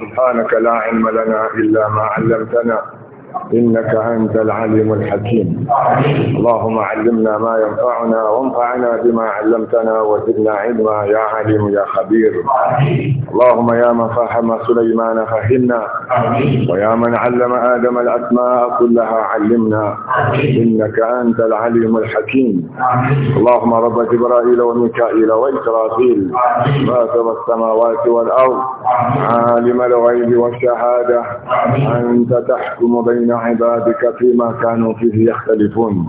سبحانك لا علم لنا إلا ما علمتنا إنك أنت العليم الحكيم اللهم علمنا ما ينفعنا وانفعنا بما علمتنا وزدنا علما يا عليم يا خبير اللهم يا من فهم سليمان فهمنا ويا من علم آدم الأسماء كلها علمنا إنك أنت العليم الحكيم اللهم رب جبرائيل وميكائيل وإسرافيل فاتر السماوات والأرض عالم الغيب والشهادة أنت تحكم بين عبادك فيما كانوا فيه يختلفون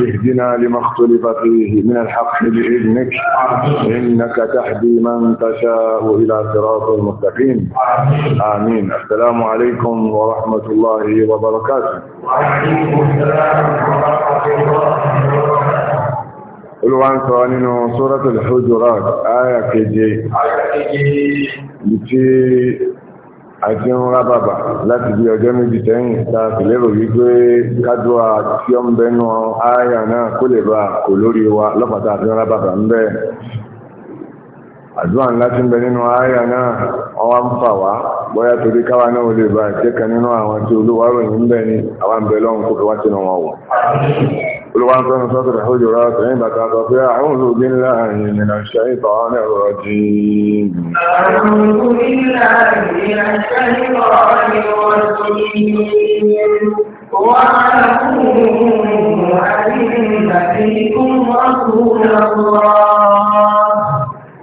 اهدنا لما اختلف فيه من الحق بإذنك إنك تهدي من تشاء إلى صراط المستقيم آمين السلام عليكم ورحمة الله وبركاته وعليكم السلام ورحمة الله آية olúwa آية sọ àti ń rábàbà láti bí ọjọ́ méjì tẹ́yìn láti lérò wípé kádùá tí ó ń bẹnu ààyà náà kó lè bá kò lórí wa lọ́pàá àti rábàbà ń bẹ àdúrà ńlá tí ń bẹ nínú ààyà náà ọwá ń fà wá bóyá torí káwa náà lè bá ìjẹ́ka nínú àwọn tí olùwànsán sọ́tọ̀ ìhójúra tẹ̀yìn bàtà sọ pé àwọn olùgbé ńlá àyìn nínú ṣe ìtọ̀ ọ̀nà ọ̀rọ̀ jí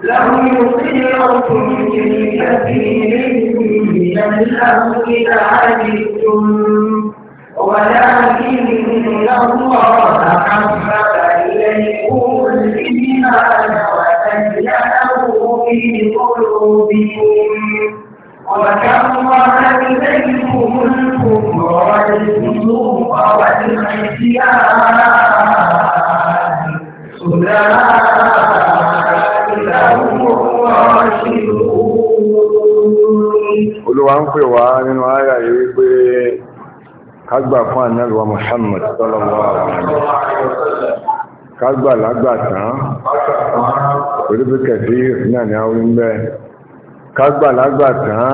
لهم يطيعكم في كثير من الأمر عجبتم ولا إن الله حبب إليكم الإيمان وزينه في قلوبكم وكره إليكم الكفر والفسوق والعصيان أولئك هم الراشدون. Olúwa ń pè wá nínú àyà yìí pé kágbà fún ànẹ́lùwà Muhammad sallallahu alaihi wasallam kágbà lágbàtán orípẹ́kẹ̀tí náà ni a wí ń bẹ́ kágbà lágbàtán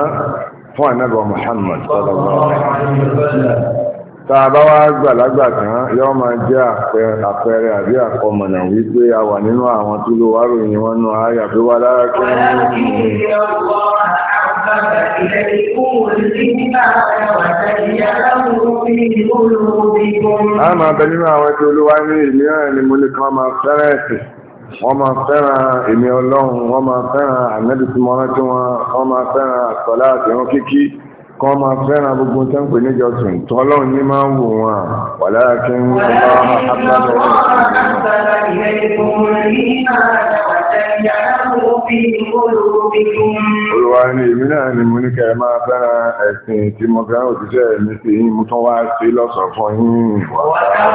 fún ànẹ́lùwà Muhammad sallallahu alaihi wasallam tàbá wá gbàlágbà kan yọ́ máa jẹ́ àpẹẹrẹ àbí àkọmọ̀nà wípé a wà nínú àwọn tó ló wárò ìyẹn wọn náà lára kí wọ́n ní أحب إليكم الفتنة وتبين له في قلوبكم أما بلما وجلوا عن المياه لملك وما سرته wọ́n máa fẹ́ràn èmi ọlọ́run wọ́n máa fẹ́ràn ànẹ́bí tí mo rántí wọn wọ́n máa fẹ́ràn àsọ̀lá àtẹ̀wọ́n kíkí kan máa fẹ́ràn gbogbo tó ń pè ní jọsìn tó ọlọ́run ní máa ń wò wọn wà lára kí wọ́n máa hábà Olúwa ni èmi náà ni mo ní kẹ máa fẹ́ràn ẹ̀sìn tí mo fẹ́ràn òṣìṣẹ́ mi sí yín mú tán wá sí lọ́sọ̀ fún yín. Mo tán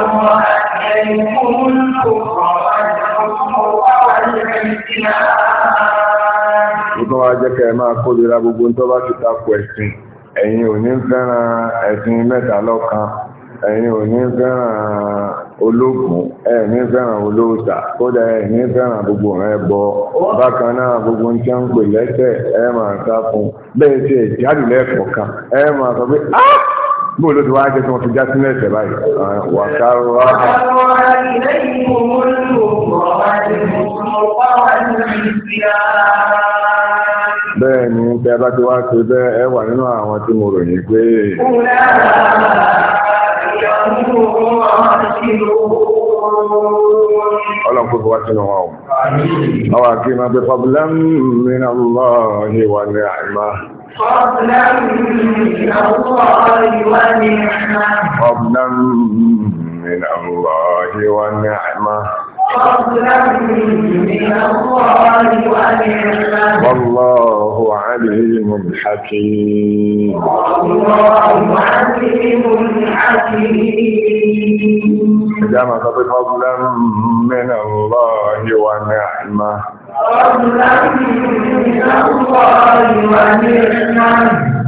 wá jẹ́ kẹ máa kó lera gbogbo tó bá ti takò ẹ̀sìn. Ẹ̀yin ò ní fẹ́ràn ẹ̀sìn mẹ́ta lọ́kan. ẹ̀yin ò ní fẹ́ràn ológun ẹ̀ẹ̀ní fẹ́ràn olóòtà kódà ẹ̀ẹ̀ní fẹ́ràn gbogbo bọ bákan náà gbogbo ń tẹ́ pè máa sá fún bẹ́ẹ̀ tí ẹ̀ lẹ́ẹ̀kọ̀ọ́ kan máa sọ pé á bó ló ti wá jẹ́ tí wọ́n fi já sí lẹ́sẹ̀ báyìí bẹ́ẹ̀ ni tẹ́ bá ti pé. Ọlọ́run kò wá sínú wa o. Àwọn àti máa bẹ fọ́bùlá mìíràn lọ́ ní wà ní àìmá. Fọ́bùlá mìíràn lọ́ ní wà ní àìmá. والله عليم حكيم والله عليم حكيم جمع فضلا من الله ونعمه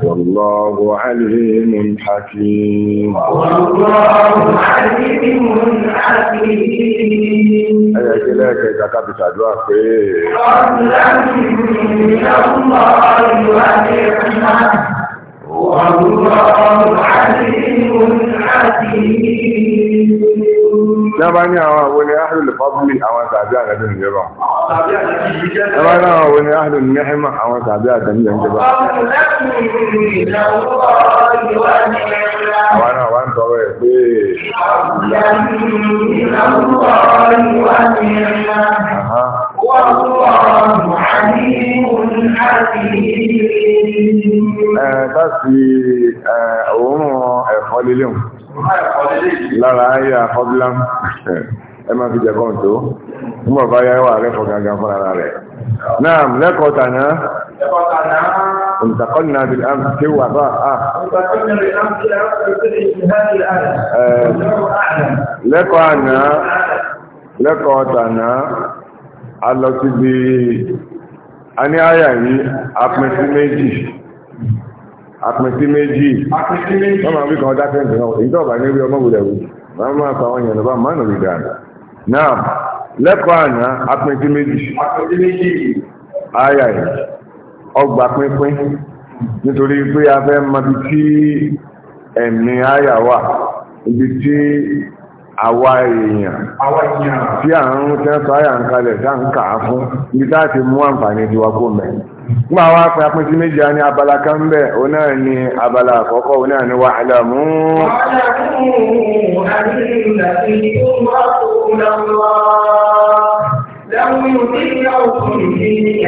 والله عليم حكيم والله عليم حكيم هذا كده كده كده تدعوا في الله الله Yába ní àwọn àwọn ni Ahlul Fadli àwọn tàbí àdàbí ìjọba. Yába ní àwọn àwọn ni Ahlul Nihma àwọn tàbí àdàbí ìjọba. Àwọn náà wá ń tọrọ ẹ̀ pé ìlànà. Táàsì òórùn ẹ̀fọ́ lílé hùn. Lára ayé àfọ́bílá ẹ máa fi jẹ̀kọ́ tó. Mọ̀ bá yá wà rẹ̀ fọ̀gangan fún ara rẹ̀. Náà lẹ́kọ̀ọ́ tàná. Lẹ́kọ̀ọ́ tàná. انتقلنا بالامس وضاء انتقلنا بالامس هذه الآية. لقنا لقنا a lọ sí bí a ní àyà yìí apin sí méjì apin sí méjì wọ́n máa ń bí kan dákẹ́ ìgbìmọ̀ èyí tó bá ní rí ọmọ wùlẹ̀ wù wọ́n máa pa àwọn èèyàn lọ́ba máa nù rí dáadáa náà lẹ́kọ̀ọ́ àná apin sí méjì àyà yìí ọgbà pínpín nítorí pé a fẹ́ mọ ibi tí ẹ̀mí àyà wà ibi tí àwa èèyàn tí à ń tẹ́ sáyà ń kalẹ̀ tá ń kà á fún ibi tá ti mú àǹfààní ti wá kó mẹ́. Nígbà wá pín apín sí méjì á ní abala kan ń bẹ̀, náà ni abala àkọ́kọ́, òun náà ni wà á mú. لو يطيعكم في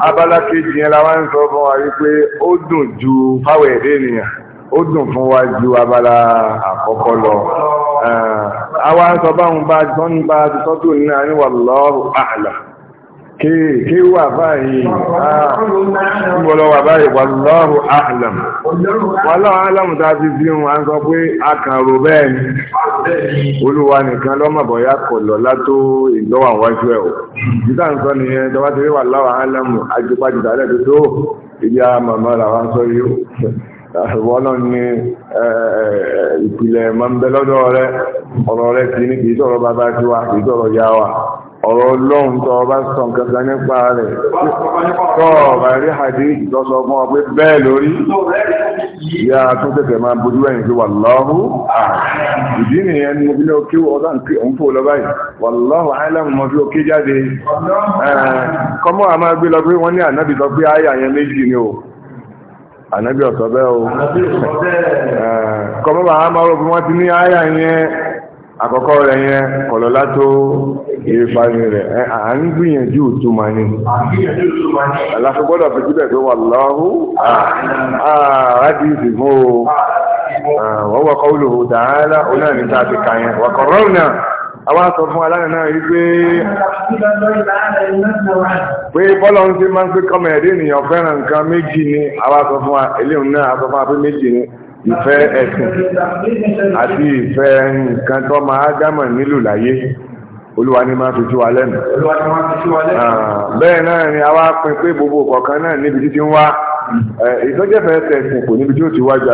abala kejì yẹn la wá ń sọ fún wa wípé ó dùn ju fáwọn ẹ̀dẹ́ ènìyàn ó dùn fún wa ju abala àkọ́kọ́ lọ àwa ń sọ báwọn bá tọ́ ní bá ti tọ́jú ní àníwá lọ́rùn àlà. kéè ah, wà báyìí wallahu a'lam wallahu a'lam tá a ti fi hùn à pé a kàn rò bẹ́ẹ̀ nìkan ìlọ́wà wájú o nìyẹn wallahu a'lam ajúpájúdà lẹ́ẹ̀dọ́ tó màmá làwa sọ yìí wọ́nà ní ìpìlẹ̀ mọ́ ń bẹ lọ́dọ̀ rẹ ọ̀rọ̀ rẹ ní sọ̀rọ̀ ọ̀rọ̀ ọlọ́run tó ọba sọ nǹkan kan nípa rẹ̀ tó rí hadith tó fún ọ pé bẹ́ẹ̀ lórí ìyá tó tẹ̀tẹ̀ máa bójú ẹ̀yìn sí wàláhù ìdí àkọ́kọ́ rẹ̀ yẹn kọ̀lọ́lá tó ìrìfàní rẹ̀ à ń gbìyànjú òtúmọ̀ ni aláfẹ́ gbọ́dọ̀ fi síbẹ̀ pé wà lọ́hù àádìsì fún o wọ́n wọ́kọ́ olùhù dáadáa oná ní ta ti kà yẹn wọ́kọ̀ rọ́ọ̀nà àwọn sọ fún aláàrẹ náà rí pé pé bọ́lọ̀ ń sí máa ń pé kọ́mọ̀ ẹ̀dẹ́ ènìyàn fẹ́ràn nǹkan méjì ni àwọn sọ fún eléhùn náà sọ fún apé méjì ni ìfẹ́ ẹ̀sìn àti ìfẹ́ nǹkan tó máa dámọ̀ nílò láyé olúwa ni máa fi wa lẹ́nu ah, bẹ́ẹ̀ náà ni a wá pín pé gbogbo kọ̀ọ̀kan náà níbi títí ń wá eh, ìtọ́jẹ́fẹ́ níbi tí ó ti wájú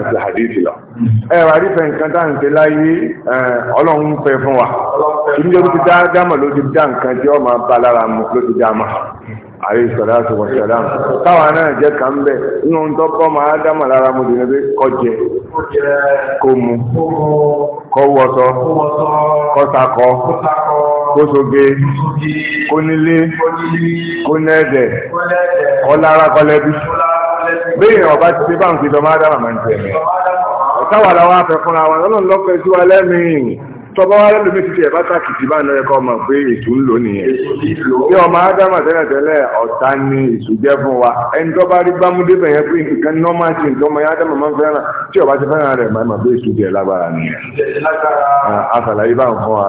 àti hadith lọ ẹ eh, wà rí tá à ń eh, wa ti dá dámọ̀ ló ti dá nǹkan tí ó máa bá lára mu àríṣọ́láṣọ wọ̀ṣọ́láàmù táwa náà jẹ́ ká ń bẹ̀ inú tó kọ́ máa dámà lára mo dì ní pé kó jẹ kó mu kó wọṣọ kó sakọ kó soge kó nílé kó nẹ́ẹ̀dẹ̀ kó lára kọ́lẹ́bí bẹ́ẹ̀ ọba ti ṣe báǹkì lọ máa dámà máa ń tẹ̀lé táwa làwọn afẹ́fúnra wọn lọ́nà lọ́pẹ́ sí wa lẹ́mìí tọba wa lómi títí ẹ̀ bá tàkìtì bá ń lọ́yẹ kọ́ mọ̀ pé ètò ń lò nìyẹn bí ọmọ ádámà tẹ́lẹ̀tẹ́lẹ̀ ọ̀tá ni ètò jẹ́ fún wa ẹni tó bá rí gbámúdé bẹ̀yẹn pé nǹkan nọ́mà tí nǹkan ọmọ ádámà máa ń fẹ́ràn tí ọba ti fẹ́ràn rẹ̀ máa pé ètò jẹ́ lágbára nìyẹn. àtàlàyé bá ń fún wa.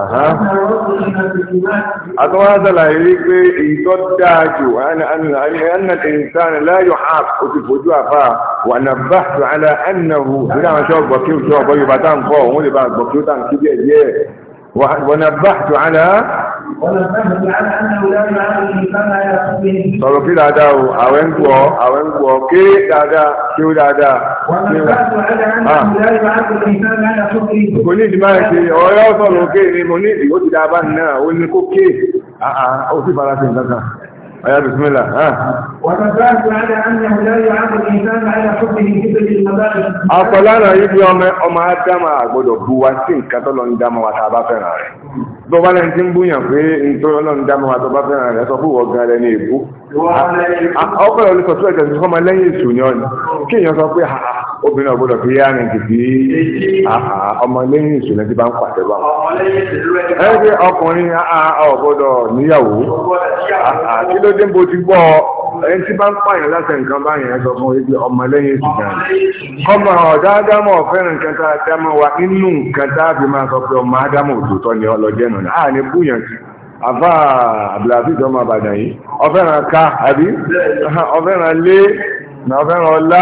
àtọ́wọ́n àtàlàyé rí pé ìtọ́ dáa jù ẹnìkan láyọ̀ hàp ó ti fojú àfà wà nà bá àlà ẹnìyàn hù ونبحت على sọ̀rọ̀ kí dáadáa o àwẹ̀ ń gbọ́ àwẹ̀ ń gbọ́ ké dáadáa kí ó dáadáa kò ní ìdí máa ṣe ọ̀rẹ́ ọ̀sọ̀rọ̀ ké ni mo ní ìgbó ti dáa bá nìyà ó ní kó ké ó sì fara sí nǹkan أيها بسم الله ها وتفاهمت على أنه لا يعاقب الإنسان على حبه في المبالغ أطلعنا يبي يوم أما أدام أقول بواسين كتلو ندام وتابعنا tó bá lẹ́yìn tí ń búyàn pé n dámọ́ fẹ́ràn rẹ̀ sọ fún ẹ̀jẹ̀ fọ́mọ lẹ́yìn ni kí èèyàn sọ pé obìnrin ọ̀gbọ́dọ̀ fi yá ni kìkì ọmọlẹ́yìn ìṣúná ti bá ń pàṣẹ bá wọn. ẹ ṣe ọkùnrin ọ̀gbọ́dọ̀ níyàwó kí ló dé bó ti gbọ́ ẹni tí bá ń pààyàn láti nǹkan báyìí ẹ sọ fún ebi ọmọlẹ́yìn ìṣúná. kọ́mọ ọ̀dà ádámọ̀ ọ̀fẹ́ràn nǹkan tá a dámọ̀ wa nínú nǹkan tá a fi máa sọ pé ọmọ ádámọ̀ òtòtọ́ ni ọlọ́jẹ́ nù àfá àbìlàfíì tó máa bàdàn yìí ọ̀fẹ́ràn ká àbí ọ̀fẹ́ràn lé ọ̀fẹ́ràn ọlá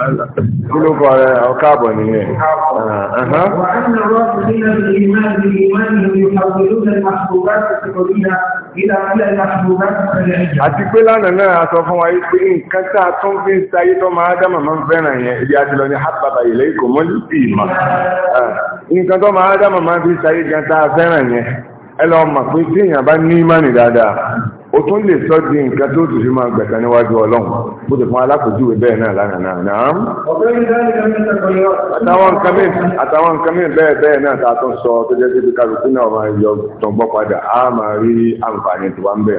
kí ló kọ rẹ ọkà àbọ̀ nìyẹn. àti pé lánàá náà sọ fún wa pé nǹkan tá a tún fi ń sáyé tó máa dá màmá ń fẹ́ràn yẹn ibi àti lọ ní hábàbà ilé ìkòmọ́lù sí ìmọ̀ nǹkan tó máa dá màmá fi ń sáyé gan tá a fẹ́ràn yẹn. ẹlọ ọmọ pé tí èèyàn bá ní ìmánì dáadáa ó tún lè sọ di nǹkan tó tún fi máa níwájú ọlọ́run bó ti fún alákòjúwe bẹ́ẹ̀ náà lánàá náà náà. àtàwọn nǹkan mi àtàwọn nǹkan bẹ́ẹ̀ bẹ́ẹ̀ náà tá a tún sọ tó jẹ́ síbi kálukú náà máa yọ tọ̀gbọ́ padà á máa rí àǹfààní tó wà ń bẹ̀.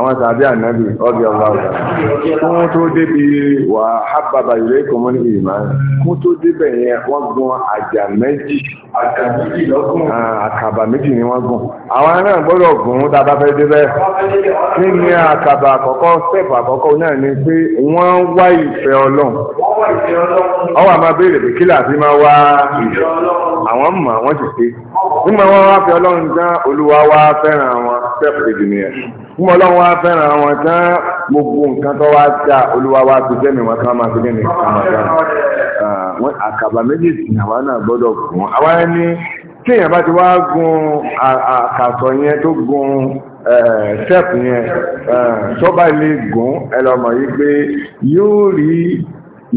àwọn sàbí ànábì ọdí ọba ọ̀dá fún tó débi wà hábàbà ilé kọmọ́nì ìmá fún tó débẹ̀ yẹn wọ́n gun àjà méjì àkàbà méjì ni wọ́n gun àwọn náà gbọ́dọ̀ gun dábá fẹ́ débẹ̀ kí ni àkàbà àkọ́kọ́ sẹ́ẹ̀pù àkọ́kọ́ náà ni pé wọ́n wá ìfẹ́ ọlọ́run ọwọ́ àmà béèrè pé kí làbí máa wá ìfẹ́ àwọn mọ̀ wọ́n ti pé nígbà wọn wá fẹ́ ọlọ́run dán olúwa wá fẹ́ràn wọn sẹ́ẹ̀pù fún ọlọ́run wá fẹ́ràn àwọn tán gbogbo nǹkan tó wá ta olúwa wá fi jẹ́mi wọn ká máa fi jẹ́mi ká máa dára wọn àkàbà méjì sí àwa náà gbọ́dọ̀ gùn àwa ní tí èèyàn bá ti wá gun àkàtọ̀ yẹn tó gun sẹ́ẹ̀pù yẹn tó bá gùn ẹ lọ mọ̀ pé yóò rí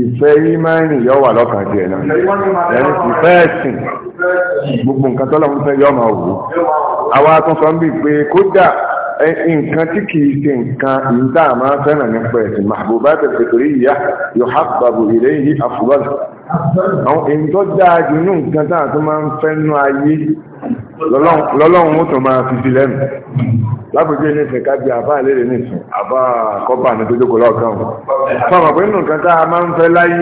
ìfẹ́ ìmáìnì yọ wà lọ́kàn díẹ̀ náà ẹni ìfẹ́ ẹ̀sìn gbogbo nǹkan tó lọ́wọ́ fẹ́ yọ máa wù ú àwa tún sọ ń bì pé kódà nǹkan tí kìí ṣe nǹkan ìdá máa fẹ́ràn nípa ẹ̀sìn mahbubat al-fitriyya yuhabbabu ilayhi afdal àwọn èyí tó dáa jù ní nǹkan táà tó máa ń fẹ́ nú ayé lọ́lọ́run ó tó máa fi sí lẹ́nu lápòjú ilé ìsìn kájí àbá ìlérè nìsín àbá kọ́pà ní tó jókòó lọ́ọ̀kan o fọmọ pé nǹkan tá a máa ń fẹ́ láyé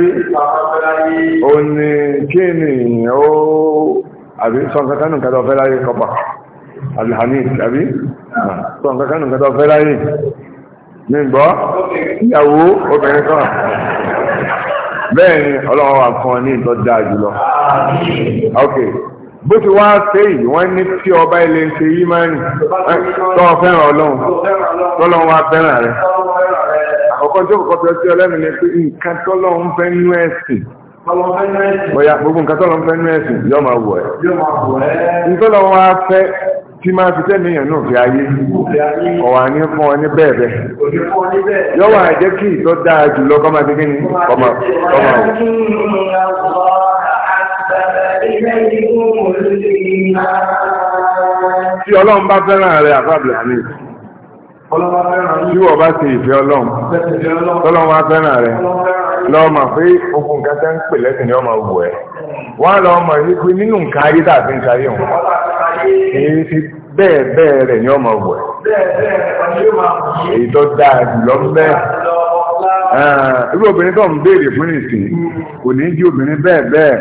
òní kí ni ó àbí sọ nǹkan tá nǹkan tó alhamid tàbí tó nǹkan kan nǹkan tó fẹ́ láyé ní gbọ́ ìyàwó obìnrin kan bẹ́ẹ̀ ni ọlọ́run wà fún ọ ní ìtọ́ dáa jùlọ ok bó ti wá ṣe yìí wọ́n ní tí ọba ilé ṣe yí máa ń tọ́ fẹ́ràn ọlọ́run tọ́lọ́run wá fẹ́ràn rẹ̀ àkọ́kọ́ tí ó kọ́kọ́ fi ọtí ọlẹ́mi ni pé nǹkan tọ́lọ́run fẹ́ nú ẹ̀sìn bóyá gbogbo nǹkan tọ́lọ́run fẹ́ nú ẹ̀sìn yọ́ máa wọ̀ ẹ́ nítọ́lọ́run wá fẹ́ tí máa fi tẹ́mi yàn náà fi ayé ọ̀wà ní fún ọ ní bẹ́ẹ̀ bẹ́ẹ̀ yọ́wọ́ àjẹ́ kí ìtọ́ dáa jùlọ kọ́ máa ti kí ni ọmọ ọmọ tí ọlọ́run bá fẹ́ràn rẹ̀ àfábìlà ní tí wọ́n bá ti ìfẹ́ ọlọ́run tọ́lọ́run bá fẹ́ràn rẹ̀ lọ́ọ́ mà pé okùn kẹta ń pè lẹ́sìn ní ọmọ òwò ẹ̀ wọ́n lọ mọ̀ wípé nínú nǹkan ayé tàbí nǹkan ayé wọn èyí ti bẹ́ẹ̀ bẹ́ẹ̀ rẹ̀ ni ọmọ wẹ̀ èyí tó dáa jùlọ bẹ́ẹ̀ irú obìnrin tó ń béèrè fún nìsín kò ní jí obìnrin bẹ́ẹ̀ bẹ́ẹ̀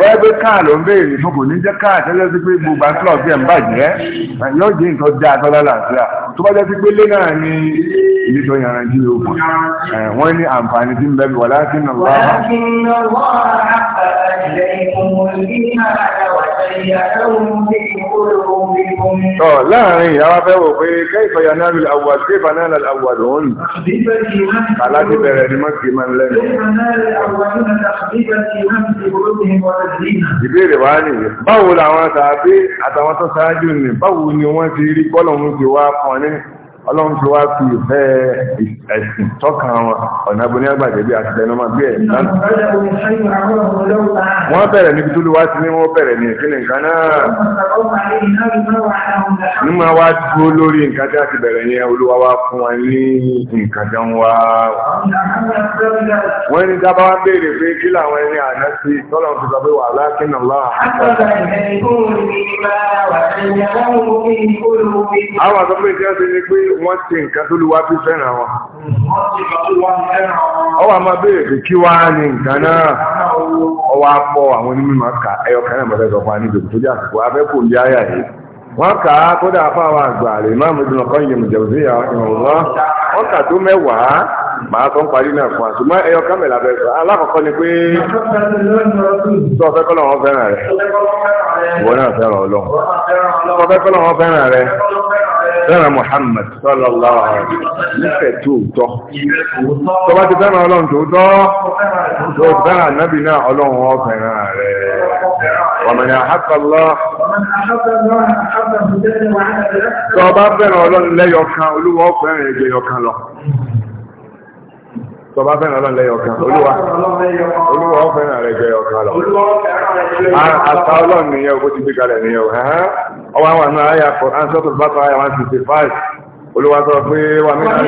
wọ́n gbé káà ń béèrè fún kò ní jẹ́ káà tẹ́lẹ̀ pé gbogbo àtúrọ̀ bí ẹ̀ ń bàjẹ́ yóò jẹ́ nǹkan dáa tọ́lá làásìá tó bá jẹ́ sí pé lé náà ni èyí tó yanranjú yóò pọ̀ wọ́n ní àǹfààní tí ń bẹ́ẹ̀ wọ̀ láti nà wá. láàrin ìyá wa fẹ́ wò pé kẹ́ ìfọ̀yà náà lè àwọ̀ àti kẹ́ náà lè àwọ̀ àdùn òun bẹ̀rẹ̀ ni má kìí máa ń lẹ́nu. ìbéèrè wa ni báwo làwọn tàbí àtàwọn tó ṣáájú ni báwo ni wọ́n ti rí bọ́lọ̀ ọlọ́run ti wá fi ìfẹ́ ẹ̀sìn tọ́kàn wọn ọ̀nà abúlé àgbàdé bí àtẹnumọ́ bí ẹ̀ náà. wọ́n bẹ̀rẹ̀ níbi tó lè wá sí ní wọ́n bẹ̀rẹ̀ ní ìpínlẹ̀ nǹkan náà. nígbà wá dúró lórí nǹkan tí a ti bẹ̀rẹ̀ yẹn olúwa wá fún wa ní nǹkan tí wọ́n wá. wọ́n ní dábàá wá béèrè pé kí làwọn ẹni àná sí tọ́lọ̀ fi sọ pé wà lákìn àwọn àgbẹ̀ tí wọ́n ti ní pé wọ́n ti nǹkan tó lúwá fi fẹ́ràn wọn. ọwọ́ a máa béèrè kí wá ní nǹkan náà ọwọ́ apọ̀ àwọn onímọ̀ máa ka ẹyọ kan náà mọ̀tẹ́sọ̀ fún anídò tó jẹ́ àsìkò yìí. wọ́n kà á kódà fáwọn àgbà rẹ̀ máa mú ìdùnnà kan ìyàwó wọ́n kà tó mẹ́wàá màá tó ń parí náà fún wa ṣùgbọ́n ẹyọ kámẹ́lá sọ fẹ́ràn Muhammad sallallahu alaihi wasallam nífẹ̀ẹ́ tó tọ́ tó bá ti fẹ́ràn ọlọ́run tó tọ́ tó fẹ́ràn ànábì náà ọlọ́run ó fẹ́ràn rẹ̀ ọ̀mọ̀nà àhàkọ́lọ́ tó bá fẹ́ràn ọlọ́run lẹ́yọkan olúwa ó fẹ́ràn ẹgbẹ̀yọkan lọ tọba fẹ́ràn ọlọ́run lẹ́yọ kan olúwa olúwa ó fẹ́ràn rẹ̀ jẹ́ lọ. àṣà ọlọ́run ọwọ́ àwọn àmì àyà Quran sọ́tò bàtà àyà 155 olúwa sọ pé wà mí náà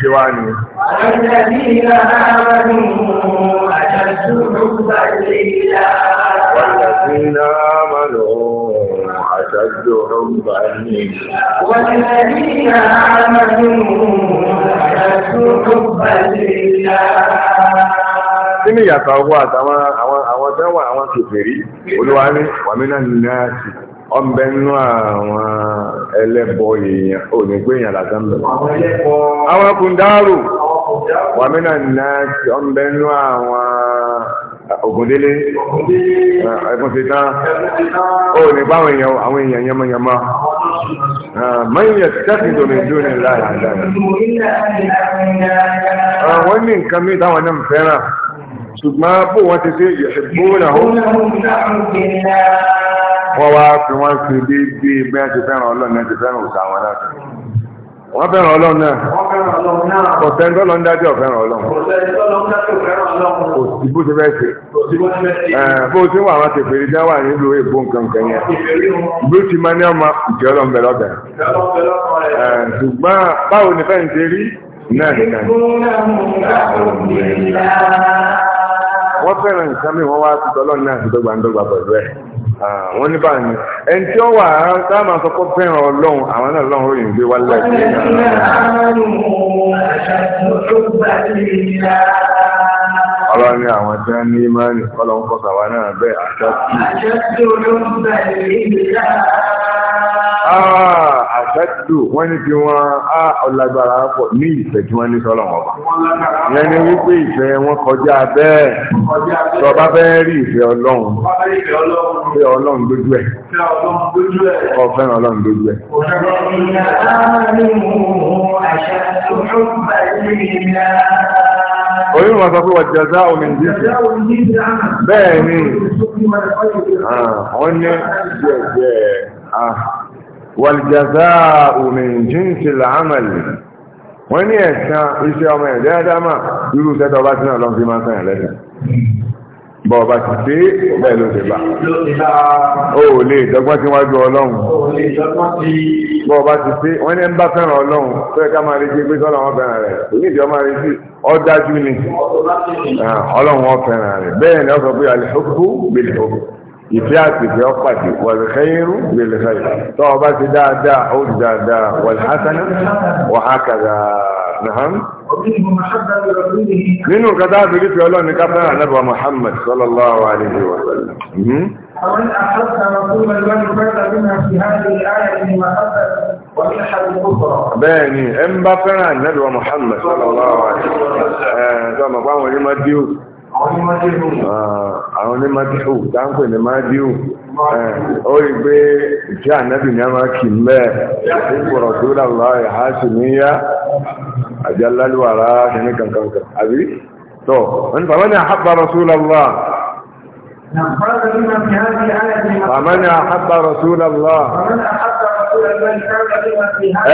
ṣe wá ní والذين آمنوا أشد حبا لله والذين آمنوا أشد حبا منك والذين آمنوا أشد حبا àtàwọn àwọn àwọn tẹ́wọ̀n àwọn wàmínà nínú àwọn ẹlẹ́bọ èèyàn pé èèyàn ń àwọn kùndàrú wàmínà nínú àwọn ògùndélé ẹ̀kùn sí tán ó ní báwọn èèyàn àwọn èèyàn yamayama mọ́yìnyẹ̀ tẹ́sí tó ní dúró ní láàrín àdáyà wọ́n ní nǹkan mí táwọn náà fẹ́ràn ṣùgbọ́n bó wọ́n ti ṣe ìyẹ̀ṣẹ̀gbóná ó wọ́n wá fi wọ́n fi déédéé bí wọ́n ti fẹ́ràn ọlọ́run náà ti fẹ́ràn òṣà wọn náà wọ́n fẹ́ràn ọlọ́run náà kò sẹ́ni tó lọ ń dájọ́ fẹ́ràn ọlọ́run kò sí bó ti fẹ́ ṣe bó ti wà wọn tèfèrè dá wà nílùú èbó nkankan yẹn bó ti máa ní ọmọ ìjọ ọlọ́run bẹ lọ́bẹ̀ ṣùgbọ́n báwo ni fẹ́yìntì rí náà nìkan wọ́n fẹ́ràn nǹkan mi wọ́n wá sí tọ́lọ́ náà sí dọ́gba pẹ̀lú ẹ̀ wọ́n ní báyìí ẹni tí ó wà tá a máa sọ pé fẹ́ràn ọlọ́run àwọn náà lọ́run ròyìn gbé wá láì sí ọlọ́run ní àwọn tí wọ́n ní imáni ọlọ́run kọ́sà wa náà bẹ́ẹ̀ àṣà sí. àṣà sí olóńgbà àṣẹ́dù wọ́n ní fi wọ́n á ọlágbára pọ̀ ní ìfẹ́ tí wọ́n ní sọ́lọ̀ wọn bá. ìyẹn ni wípé ìfẹ́ wọn kọjá bẹ́ẹ̀ tó bá fẹ́ rí ìfẹ́ ọlọ́run fẹ́ ọlọ́run lójú ẹ̀ ọ̀fẹ́ràn ọlọ́run lójú ẹ̀. Oyún wọn sọ pé wọ́n jẹ́zá omi jíjẹ. Bẹ́ẹ̀ ni, ah, wọ́n ní jẹ́jẹ́ wàlìjàzáà min jinsi al-amali wọ́n ní ẹ̀sán iṣẹ́ ọmọ ẹ̀dẹ́ àdámà irú sẹ́tọ̀ bá sínú ọlọ́run fi máa sẹ́yìn lẹ́sẹ̀ bọ̀ bá ti pé bẹ́ẹ̀ ló ti bá ó lè dọ́gbọ́n tí wọ́n ju ọlọ́run bọ̀ bá ti pé wọ́n ní ń bá fẹ́ràn ọlọ́run tó ìfẹ́ àtìfẹ́ ọ̀pàdé wàlùkẹ́yìrú lèlùkẹ́yìrú tó wà bá ti dáadáa ó ti dáadáa wàlùhásánà wàhákàdà nàhán. nínú nǹkan tá a fi rífẹ́ ọlọ́run ní káfíńà anábà Muhammad sallallahu alayhi wa sallam. ومن أحب رسول الله فرد بما في هذه الآية من محبة ومن حد الكفر بني إن بفنا النبي محمد صلى الله عليه وسلم. Ah, àwọn ní májíhù táńkù eh, ní májíhù ó rí pé ìfẹ́ ànábì ní a máa kì mẹ́ ìpòrò tó dàlọ́ ìhá sí níyá àjálálùwàrá ní kankankan àbí tó wọ́n ni bàbá ní àhábà rasúlọ́lá bàbá ní àhábà rasúlọ́lá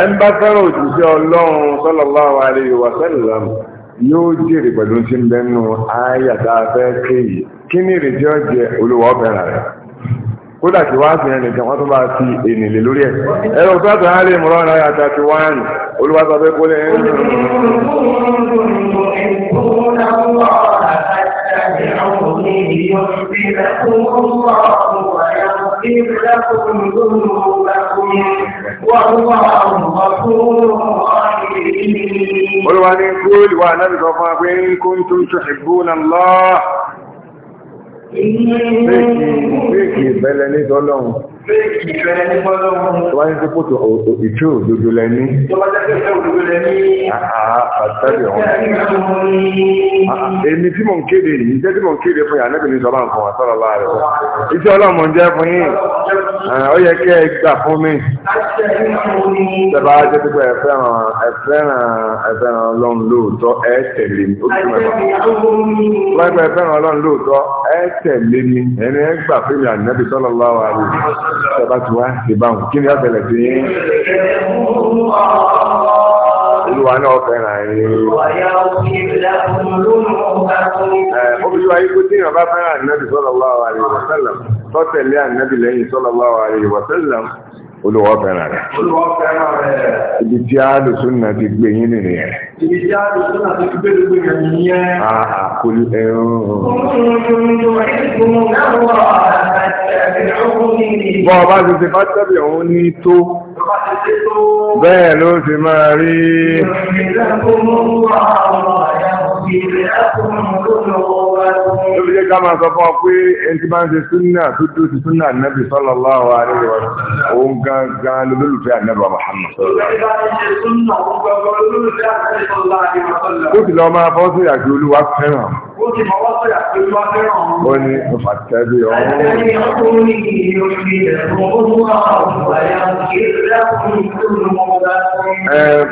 ẹ̀ ń bá fẹ́ràn òjìṣẹ́ ọlọ́run sọ́lọ́lá wa yóò jèrè pẹ̀lú tí ń bẹ́nu ayàtà fẹ́ kéyì kí ní ìrètí ọ̀jẹ̀ olówó ọ̀bẹ̀rẹ̀ rẹ̀ kódà tí wàá fi hàn nìkan tó bá fi ènìlè lórí ẹ̀ ẹ̀rọ tó àtọ̀ lè mọ̀rọ̀ ọ̀nà ayàtà ti wá ní olúwa sọ kó lè ń يغفر لكم ذنوبكم وهو الغفور الرحيم قل وأن يقول وأنا بغفر إن كنتم تحبون الله Fèkì ìfẹ́lẹ̀ ní tọ́lọ́run tó bá ní pé kóòtù ìtú òdodo lẹ ní. àtàlẹ̀ ọ̀hún. èmi tí mò ń kéde yìí jẹ́ tí mò ń kéde fún yàrá níbi ní sọ́ba nǹkan àtọ́lọ́ bá rẹ̀. iṣẹ́ ọlọ́mọ jẹ́ fún yín. ó yẹ kí ẹ gbà fún mi. sẹ́bà jẹ́ pípẹ́ ẹ fẹ́ràn ẹ fẹ́ràn ẹ fẹ́ràn ọlọ́run lóòótọ́ ẹ tẹ̀lé mi. wọ́n pẹ́ fẹ́ràn ọlọ́run lóòótọ́ ẹ tẹ̀lé mi. ẹni ẹ gbà fún mi ànábì sọ́lọ́ Tọ́ba ti wá ṣe báwọn kí ni ó tẹ̀lẹ̀ sí yín? Olúwa náà fẹ́ràn yín. Obìnrin wa yí kó tí èèyàn bá fẹ́ràn ànábì sallallahu alaihi wa sallam. ànábì lẹ́yìn sallallahu alaihi wa olùwọ́ fẹ́ràn rẹ̀. olùwọ́ fẹ́ràn rẹ̀. ibi tí a lò súnà ti gbé yín nìyẹn. ibi tí a lò súnà ti gbé gbogbo yẹn nìyẹn. a kò lè ẹ̀rọ. bọ́ ọba ti ti bá tẹ̀lé òun ní tó. bẹ́ẹ̀ ló ti máa rí. ìrìnàjò mú wà ọ̀rọ̀ àyàwó ìrìnàjò mú lọ́wọ́ ló fi jẹ́ ká máa sọ fún ọ pé ẹni tí máa ń ṣe súnà tó tó ti súnà nẹ́bì sallallahu alaihi wa sallam òun gangan lólùfẹ́ ànẹ́bà Muhammad ó ti lọ máa bọ́ sí àjò olúwa fẹ́ràn ó ní fàtẹ́bí ọ̀hún ẹ̀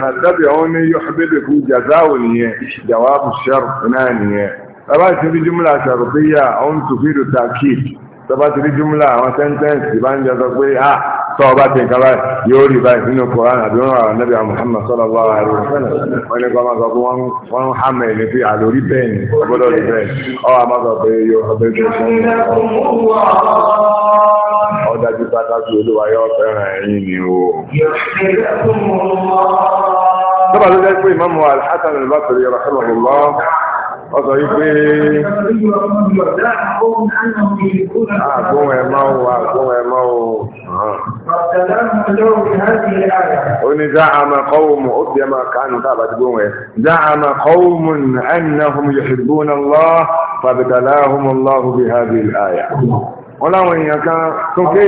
fàtẹ́bí ọ̀hún ní yóò bébè fún jàzáwò nìyẹn jàwábù ṣẹ́rù náà nìyẹn bàbá ti rí jùmúlà sàrùbíyà ọ̀hún tùfíìdù takid tọba ti rí jùmúlà àwọn sẹ́ńtẹ́ǹsì bá ń jẹ sọ pé a ah, tọ́ ọba ti nǹkan báyìí yóò rí báyìí nínú koran àbí wọn àwọn nàbí Muhammad sallallahu alaihi wasallam wọn ní kọ́ máa sọ pé wọ́n ń hámẹ̀ ní fi àlórí bẹ́ẹ̀ ni ọgbọ́dọ̀ rí bẹ́ẹ̀ ọ àmọ́ sọ pé yóò ọbẹ̀ tó sọ ọdájú pátákì olúwa yóò fẹ́ràn ni o tọ́ba ló jẹ́ Imam Al-Hasan Al-Basri rahimahullah زعم قوم ما كانوا زعم قوم انهم يحبون الله فابتلاهم الله بهذه الايه wọ́n láwọn èèyàn kan tó ké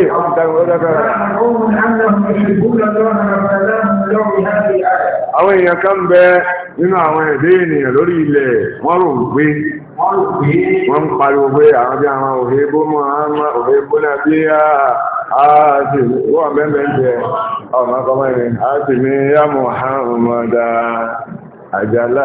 àwọn èèyàn kan bẹ nínú àwọn ẹ̀dẹ́ ènìyàn lórí ilẹ̀ wọ́n rò pé wọ́n ń pariwo pé àwọn bí àwọn òhe bó mọ́ àmà òhe bó náà bí i àti wọ́n bẹ́ẹ̀ bẹ́ẹ̀ ọmọ ọmọ ẹ̀rin àti mi yá Muhammad àjálá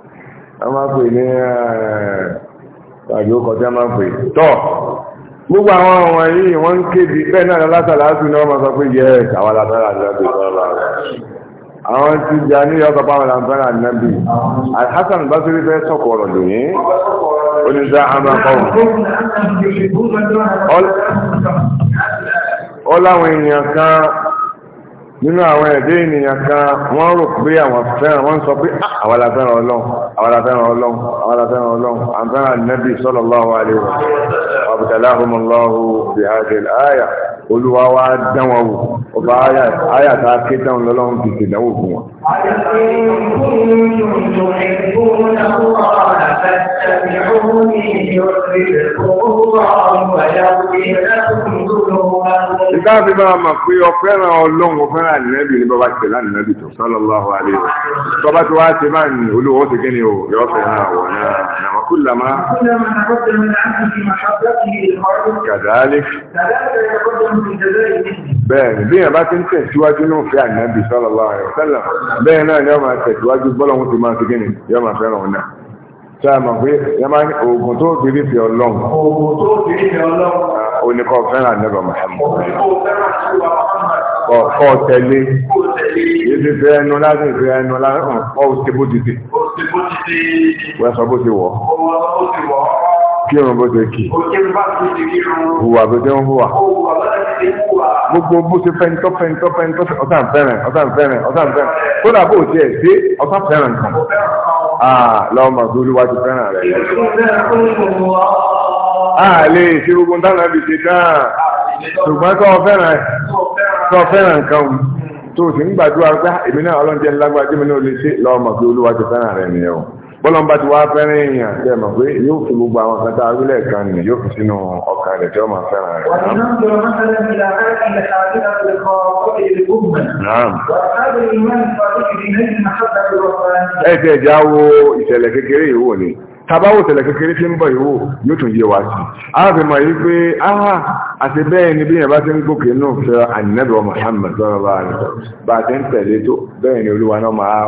a máa pè ní àjò ọkọ̀ tí a máa pè tọ́ gbogbo àwọn ọmọ yìí wọ́n ń kéde bẹ́ẹ̀ náà látàlá sí ni wọ́n máa sọ pé yẹ àwọn làbẹ́rẹ́ àjọyọ̀ ìfọ̀rọ̀lá àwọn ti jà ní ọkọ̀ pàmò làbẹ́rẹ́ ànábì Hasan Basiri fẹ́ sọ̀kọ̀ ọ̀rọ̀ lóyìn oníṣà àmàkọ́wọ̀ ọláwọn èèyàn kan nínú àwọn ẹ̀dẹ́ ènìyàn kan wọ́n rò pé àwọn fẹ́ràn wọ́n sọ pé ah, àwọn la fẹ́ràn ọlọ́run àwọn la fẹ́ràn ọlọ́run àwọn la fẹ́ràn ọlọ́run àwọn fẹ́ràn nẹ́bí sallallahu alaihi wa abdallahumullahu bi hadhihi al-aya قد كنتم تحبون الله فاتبعوني يحببكم الله ويغفر لكم ذنوبكم. Ìkáàbí bá a máa pé ọ̀fẹ́ràn ọlọ́run ọ̀fẹ́ràn ànínẹ́bì ní bàbá tẹ̀lé ànínẹ́bì tó sọ́lọ́lá wa lè wọ̀. Bàbá tí wàá ṣe máa ń olówó ṣe kí ni o, yọ̀ọ́ fẹ́ràn àwọ̀ náà. كلما كلما تقدم من العبد في محبته للمرء كذلك كذلك يتقدم في جزاء bẹ́ẹ̀ni bí yẹn bá ti ń tẹ̀síwájú ní òfin ànábì sallallahu alaihi wasallam bẹ́ẹ̀ náà ni wọ́n máa tẹ̀síwájú bọ́lọ́hún ti máa ti gíní yọ́ máa fẹ́ràn ọ̀nà sáà mọ̀ pé yẹn máa ní oògùn tó fi rí fi ọlọ́run oògùn tó fi rí fi ọlọ́run oníkọ́ fẹ́ràn ànábì Muhammad kọ́ tẹ̀lé yéé fẹ́ ẹnu láti fẹ́ ẹnu láti ọ̀ ṣe bó ti dé wọ́n sọ bó ti wọ̀ kí irun bó ti kì hùwà bó ti ń hùwà gbogbo bó ti fẹ́ntọ́ fẹ́ntọ́ fẹ́ntọ́ ọ̀sán fẹ́ràn ọ̀sán fẹ́ràn ọ̀sán fẹ́ràn kódà bó tiẹ̀ dé ọ̀sán fẹ́ràn kan lọ́wọ́ màá dúró wájú fẹ́ràn rẹ̀ lẹ́yìn. a lè ṣe gbogbo ntànà bìí ṣe tán ṣùgbọ́n tó o fẹ́ràn ẹ̀ sọ fẹ́ràn nǹkan wù tó sì ń gbàdúrà pé ah, èmi náà ọlọ́njẹ́ ńlágbá jẹ́mi náà lè ṣe lọ́wọ́ mọ̀ pé olúwa ti fẹ́ràn rẹ̀ nìyẹn o bọ́lọ́n bá ti wá fẹ́ràn èèyàn tẹ́ mọ̀ pé yóò fi gbogbo àwọn kan tá a rí lẹ́ẹ̀kan nì yóò fi sínú ọkàn rẹ̀ tí ó máa fẹ́ràn rẹ̀. wọ́n ti ń jọ mọ́tàlá ìlà àti ìlà àti ìlẹ̀kọ̀ọ́ ọ̀pẹ̀ ìlú gbọ̀ngàn. wọ́n ti tabawo tẹ̀lẹ̀ kékeré tí ń bọ̀ ìwò yóò tún yé wa sí aláàfin mọ̀ yìí pé aha àti bẹ́ẹ̀ ni bí yẹn bá ti ń gòkè náà fẹ́ ànínẹ́dọ̀ Muhammad sọ́rọ̀ bá rẹ̀ bá ti ń tẹ̀lé tó bẹ́ẹ̀ ni olúwa náà máa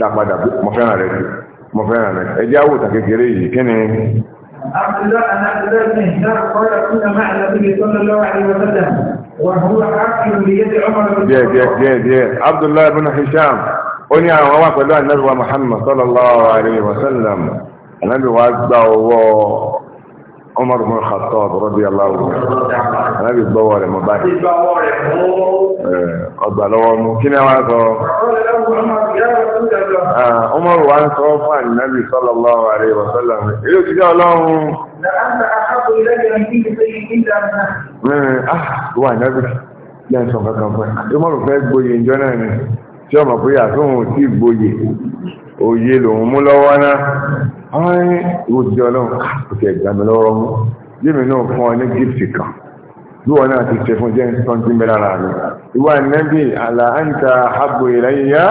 dá padà mọ́ fẹ́ràn rẹ̀ sí mọ́ fẹ́ràn rẹ̀ ẹ jẹ́ àwòtà kékeré yìí kí ni. díẹ̀ díẹ̀ díẹ̀ díẹ̀ Abdullahi ibn Hisham ó ní àwọn wà pẹ̀lú ànínẹ́dọ̀ Muhammad sallallahu alaihi wa sallam ànábì wa gba ọwọ́ Umar ibn Khattab radiyallahu anhu ànábì gbọ́wọ́ rẹ̀ mọ́ báyìí eh, ọgbà lọ́wọ́ mú kí ni wọ́n sọ ah, Umar wa ń sọ fún ànábì sallallahu alaihi wa sallam èyí ò ti jẹ́ ọlọ́run eh, ah, wà ànábì yẹn sọ kankan fún ẹ Umar fẹ́ gboyè ìjọ náà ni tí ọmọ pé àtúnwò tí gboyè òye lòun mú lọ́wọ́ náà àwọn ìwòjì ọlọ́run kò tẹ̀ gbàmì lọ́rọ́ mú yémi náà fún ọ ní gíftì kan bí wọn náà ti ṣe fún jẹ́ nǹkan tí ń bẹ lára mi ìwà nẹ́bí àlàáńtà àbò ìráyá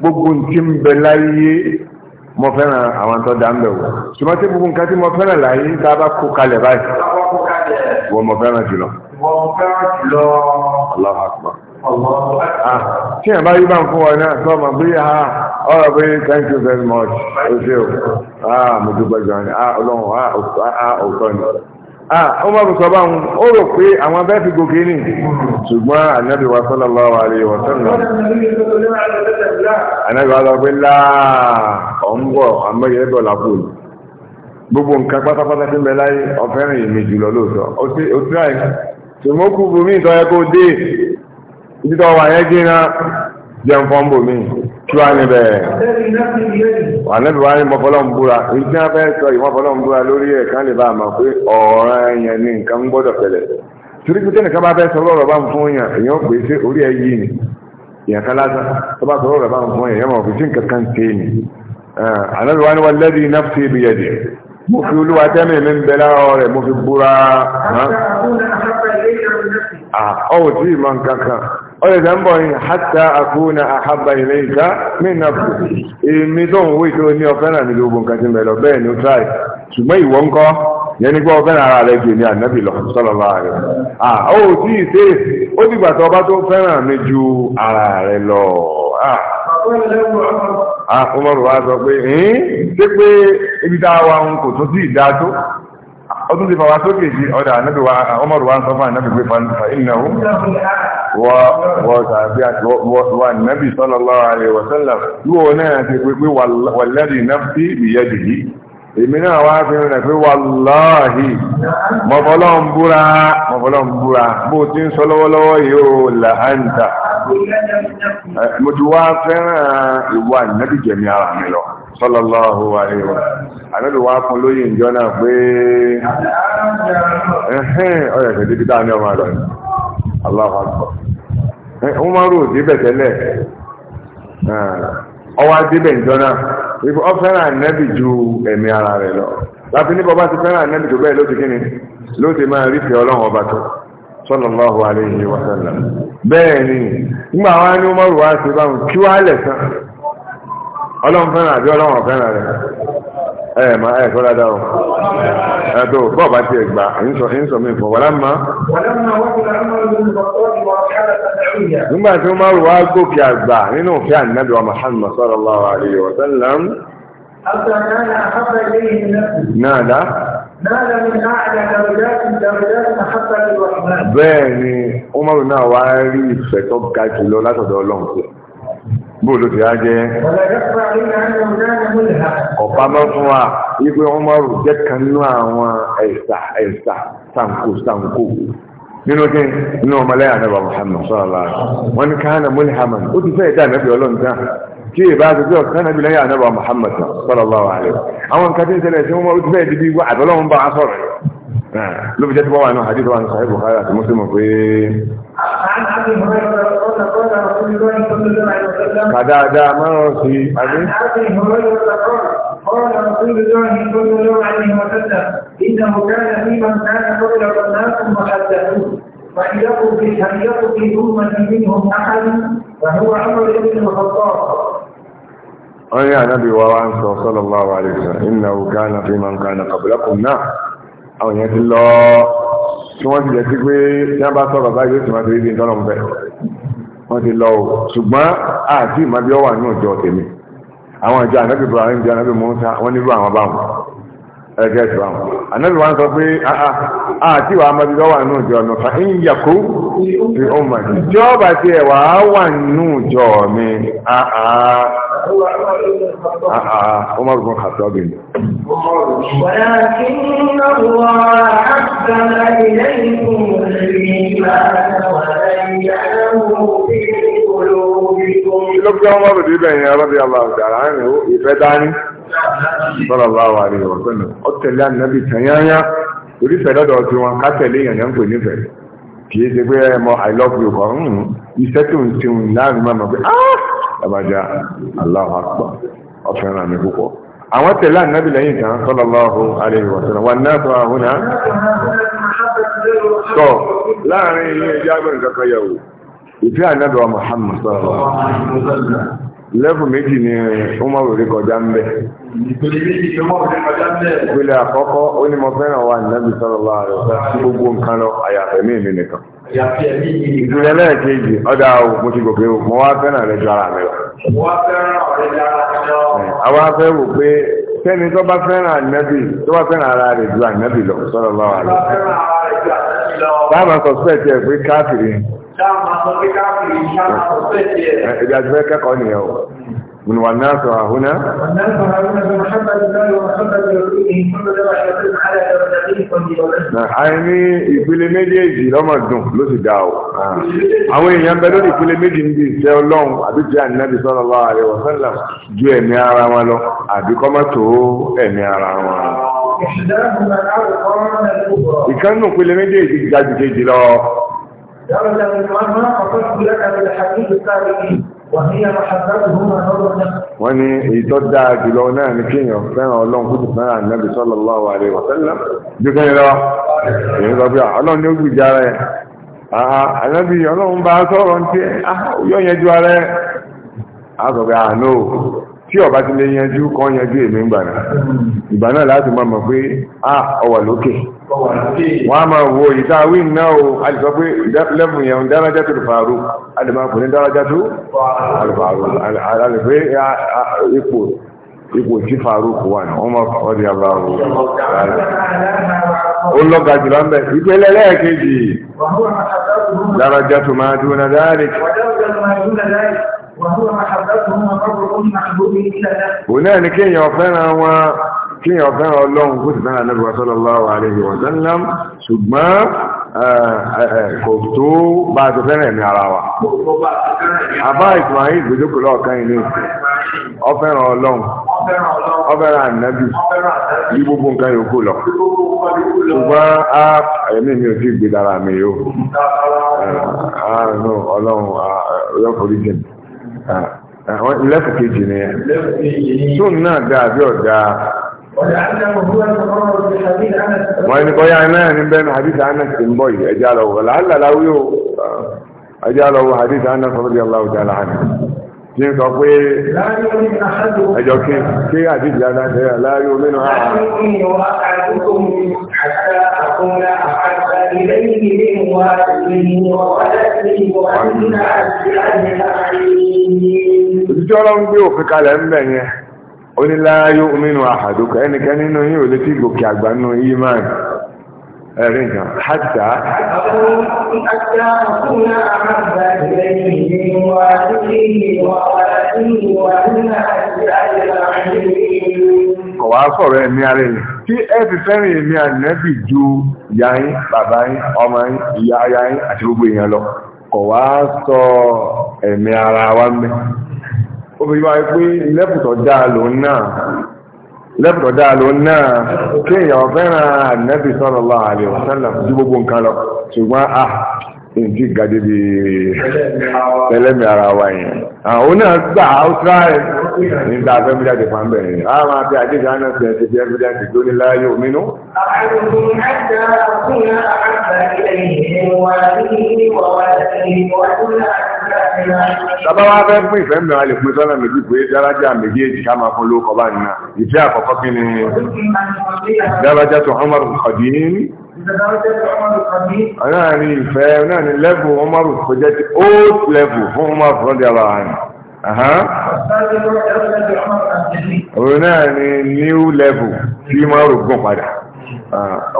gbogbo tí ń bẹ láyé mo fẹ́ràn àwọn tó dá ń bẹ̀ wò ṣùgbọ́n tí gbogbo nǹkan tí mo fẹ́ràn láyé tá a bá kó kalẹ̀ báyìí wọ́n mo fẹ́ràn jùlọ. wọ́n mo fẹ́ràn jùlọ. Allahu Akbar tí ẹ̀ bá rí bá ń fún wọn náà sọ́mọ̀ bí ha ọ̀rọ̀ bí thank you very much ó ṣe o ah mo dúpẹ́ jọ ni ah ọlọ́run ah òótọ́ ah, ni ah ó bá bùsọ̀ bá wọn ó rò pé àwọn abẹ́ fi gòkè ní ṣùgbọ́n ànábì wa sallallahu alaihi wa sallam ànábì wa sọ pé láà ọ̀ ń bọ̀ àmọ́yẹ bọ̀ làkú gbogbo nǹkan pátápátá tí ń bẹ láyé ọ̀fẹ́rìn ìmì jùlọ lóòótọ́ ó sí àìsàn tòmókù bùnmí ìtọ́yẹ kó dé ibi tó wà yẹn jìnnà jẹun fún bò mí tí wàá níbẹ̀. wà níbi wàá ní mọ́fọ́lọ́ ń búra ìdí náà fẹ́ sọ ìmọ̀fọ́lọ́ ń búra lórí ẹ̀ ká lè bá a mọ̀ pé ọ̀ràn yẹn ní nǹkan gbọ́dọ̀ pẹ̀lẹ̀. torí pé tẹ́nìkan bá fẹ́ sọ lọ́rọ̀ bá ń fún yàn èèyàn pè sí orí ẹ̀ yìí ni èèyàn kan lásán tó bá sọ lọ́rọ̀ bá ń fún yàn mọ̀ pé nǹkan kan ṣe ni. ànábi wàá ní wà lẹ́dí nafsi ibi yẹn dì mo fi olúwa tẹ́mi mi ń bẹ lára rẹ̀ mo fi búra. ọwọ́ tí ìmọ̀ kankan ọ̀rẹ́dẹ̀ ń bọ̀ yìí hátà àkúnà àhábà ilẹ̀ ìta mìíràn kù èmi tó ní ọ̀fẹ́ nílò ogun ìwọ gbọ́ ọ̀fẹ́ náà ara rẹ̀ ní ànábì lọ sọ́lọ́ tí ì ṣe ó ọba tó fẹ́ràn mi ju ara lọ. wa sọ pé eh? ṣé pé ibi tá a wà ń kò ọdún ti fàwà sókè sí ọ̀dà anábì wa ọmọrù wa ń sọ fún anábì pé fa ìnáwó wà nábì sallallahu alaihi wa sallam yíò náà ti pé pé wàlẹ́rì náfí ìyẹ́dì yìí èmi náà wá fi rìn pé wàláhì mọ̀fọ́lọ́mbúra mọ̀fọ́lọ́mbúra bó ti ń sọ lọ́wọ́lọ́wọ́ yìí ó mo ti wá fẹ́ràn ìwà nábì ara mi lọ sọ́lọ́lọ́hù àríwá ànábì fún lóyè ìjọ náà pé ọ̀rẹ́ ìṣẹ̀dí bí dáa ní ọmọ rẹ̀ aláwọ̀ àgbọ̀ ọ láti ní bọ́bá ti fẹ́ràn tó bẹ́ẹ̀ ló ti kíni ló ti máa rí fẹ́ ọlọ́run ọba tó bẹ́ẹ̀ ni nígbà wá ní ó sí ọlọ́run fẹ́ràn àbí ọlọ́run fẹ́ràn rẹ̀ ẹ ma ẹ sọ́ra dá o ẹ tó bọ́ọ̀ bá tiẹ̀ gbà ìsọ mi fọ̀ wàlá ma. nígbà tí wọ́n máa rò wá gòkè àgbà nínú òfin ànábì wa Muhammad sallallahu alayhi wa sallam. náà dá. bẹ́ẹ̀ ni ó máa rò náà wá rí ìfẹ́ tó ga jùlọ látọ̀dọ̀ ọlọ́run bóòlù ti á jẹ́ ọ̀bámọ́ fún wa wípé wọ́n máa rò jẹ́ kan nínú àwọn ẹ̀sà ẹ̀sà sànkó sànkó nínú kí nínú ọmọlẹ́yà náà bá Muhammad sọ́ra lára wọn ni káhánà múlẹ̀ hàmán ó ti fẹ́ẹ̀ dá ànábì ọlọ́run dáhùn. tí ìbá ti bí ọ̀sán nàbí lẹ́yìn ànábà Muhammad sallallahu alayhi àwọn nǹkan tí ń ṣẹlẹ̀ sí wọn ó ti fẹ́ẹ̀ di bí wá àtọ́lọ́wọ́n bá a sọ̀rọ̀ yìí ló fi jẹ́ tí wọ́n wà náà hadith wa ní sahih Bukhari àti Muslim pé. kàdáadá máa ń sí adé. قال رسول الله صلى الله عليه وسلم إنه كان فيمن كان قبلكم الناس محدثون فإن يكن في أمة منهم أحد فهو عمر بن الخطاب ọ̀rẹ́ ànábì wa wá ń sọ sallallahu alaihi wasallam innahu kana fi man kana qablakum náà àwọn èèyàn ti lọ tí wọ́n ti jẹ́ sí pé ní a bá sọ̀rọ̀ báyìí ó sì máa ti rí bí nǹkan ọ̀bẹ wọ́n ti lọ ṣùgbọ́n àti ìmọ̀bí ọwà ní òjò àwọn ìjọ ànábì Ibrahim ànábì Musa wọ́n nílò àwọn báwọn ẹgbẹ́ ìtura wọn anabi wọn sọ pé àti wàá mọbi lọ́wọ́ àánú ìjọ ọ̀nà fa ń yàkó fi ó mà ní jọba tí ẹ wàá wà nínú ìjọ mi Umar bin Khattab ni. ولكن الله حبب إليكم الإيمان وزينه في قلوبكم. لو كان عمر بن رضي الله تعالى sọ́rọ̀ bá wà rí ọ̀sọ́nà ọ tẹ̀lé ànábì tẹ̀yányá orífẹ́ lọ́dọ̀ wọn ká tẹ̀lé ń pè kì í ṣe pé ẹ eh, mọ i love you ń hmm, iṣẹ́ tó ń láàrin ah! púpọ̀ àwọn tẹ̀lé ànábì lẹ́fù méjì ni Umaru rí kọjá ń ìpele àkọ́kọ́ ó ní mo fẹ́ràn wa Ànábì sallallahu alaihi wasallam sí gbogbo nǹkan lọ àyàfẹ́ mí mi nìkan. ìpele ẹlẹ́ẹ̀kejì ọjà o mo ti gòkè o fẹ́ràn rẹ ju ara mi pé sẹ́ni tó bá fẹ́ràn Ibi àti fẹ́ kẹ́kọ̀ọ́ nìyẹn o. Mun wà náà sọ àhúná. Àyẹ ní ìpele méjèèjì lọ́mọ̀ dùn ló sì dá o. Àwọn èèyàn bẹ lórí ìpele méjì ń di ìṣẹ́ Ọlọ́run àbí jẹ́ ànínábì sallallahu alaihi wasallam ju ẹ̀mí ara wọn lọ àbí kọ́ má tó ẹ̀mí ara wọn. Ìkànnù ìpele méjèèjì ga jù kejì lọ. درجة منهما فقلت لك بالحديث التابعي wọ́n ní èyí tó dáa jùlọ náà ní kíyàn fẹ́ràn ọlọ́run kúrò fẹ́ràn ànábì sallallahu alaihi wasallam jókè lọ èyí sọ pé ah, ọlọ́run ní ó gbìjà ara ẹ̀ ànábì ọlọ́run bá sọ̀rọ̀ ní tí yóò yẹn ju ara ẹ̀ tí ọba ti lè yanjú kan yanjú èmi ń gbàná ìgbà náà láti máa mọ̀ pé a ọwà lókè wọ́n a máa wo ìta wíìn náà o a lè sọ pé lẹ́mù yẹn dáradá tó fàárù a lè máa pè ní dáradá tó fàárù a lè pé ipò ipò tí fàárù kò wà náà wọ́n máa kọ́ di àbá o ó lọ́ga jùlọ ń bẹ̀ ìpele lẹ́ẹ̀kejì dáradá tó máa dúró náà dáadé òun náà ni kéèyàn fẹ́ràn wọn kíyàn fẹ́ràn ọlọ́run kó sì fẹ́ràn anábìwá sallallahu alaihi wa sallam ṣùgbọ́n kò tó bá a ti fẹ́ràn ẹ̀mí ara wa. àbá ìsìnmáyé ìgbèjókòó lọ́ọ̀kan yìí ní ọfẹ́ràn ọlọ́run ọfẹ́ràn ànábì bí gbogbo nǹkan yòókù lọ. ṣùgbọ́n á ẹ̀mí mi ò sí gbé dára mi yóò. ọlọ́run yóò àwọn lẹ́fù kejì ni ẹ̀ tó náà dá àbí ọ̀dá wọ́n ní kọ́ yá náà ní bẹ́ẹ̀ náà hadith anas ti ń bọ̀ yìí ẹja lọ wọ̀ làálà láwí o ẹja lọ wọ̀ hadith anas sọ́dọ̀ yàrá ọ̀dà láàánú tí ń sọ pé ẹjọ́ kí kí hadith yàrá ṣẹlẹ̀ láàárín omi náà. Òjíjọ́ ọlọ́run gbé òfin kalẹ̀ ń bẹ̀ yẹn, ó ní láyé omínú àhàdókọ̀ ẹnikẹ́ nínú yìí ò lè tí gòkè àgbà nínú kọ̀wá sọ̀rọ̀ ẹ̀mí ara ẹ̀yìn tí ẹ fi fẹ́ràn ẹ̀mí ànẹ́bì ju ìyá yín bàbá yín ọmọ yín ìyá aya yín àti gbogbo èèyàn lọ kọ̀wá sọ ẹ̀mí ara wa mẹ́ ó fi wáyé pé lẹ́pùtọ̀ dáa lòun náà lẹ́pùtọ̀ dáa lòun náà kéèyàn fẹ́ràn ànẹ́bì sallallahu alaihi wasallam ju gbogbo nǹkan lọ ṣùgbọ́n ah, ìdí gàdé bí tẹlẹmì ara wa yẹn àwọn ah, náà gbà á tíráì nígbà afẹ́míjáde fún abẹ́rẹ́ yẹn a máa fi àdéhùn àná sí ẹsẹ̀ fi ẹfíjáde tó ní láyé òmìnú. sábàbá fẹ́ fún ìfẹ́ mi wà lè fún sọ́nà méjì pé dárájà méjèèjì ká máa fún lórúkọ bá nínú ìfẹ́ àkọ́kọ́ kí ni dárájà tó hàn mọ́ ọ̀dín náà ni ìfẹ́ náà ni lẹ́bù Umaru kò jẹ́ ti old level fún Umaru fún ọdí alára ni òun náà ni new level tí Umaru gùn padà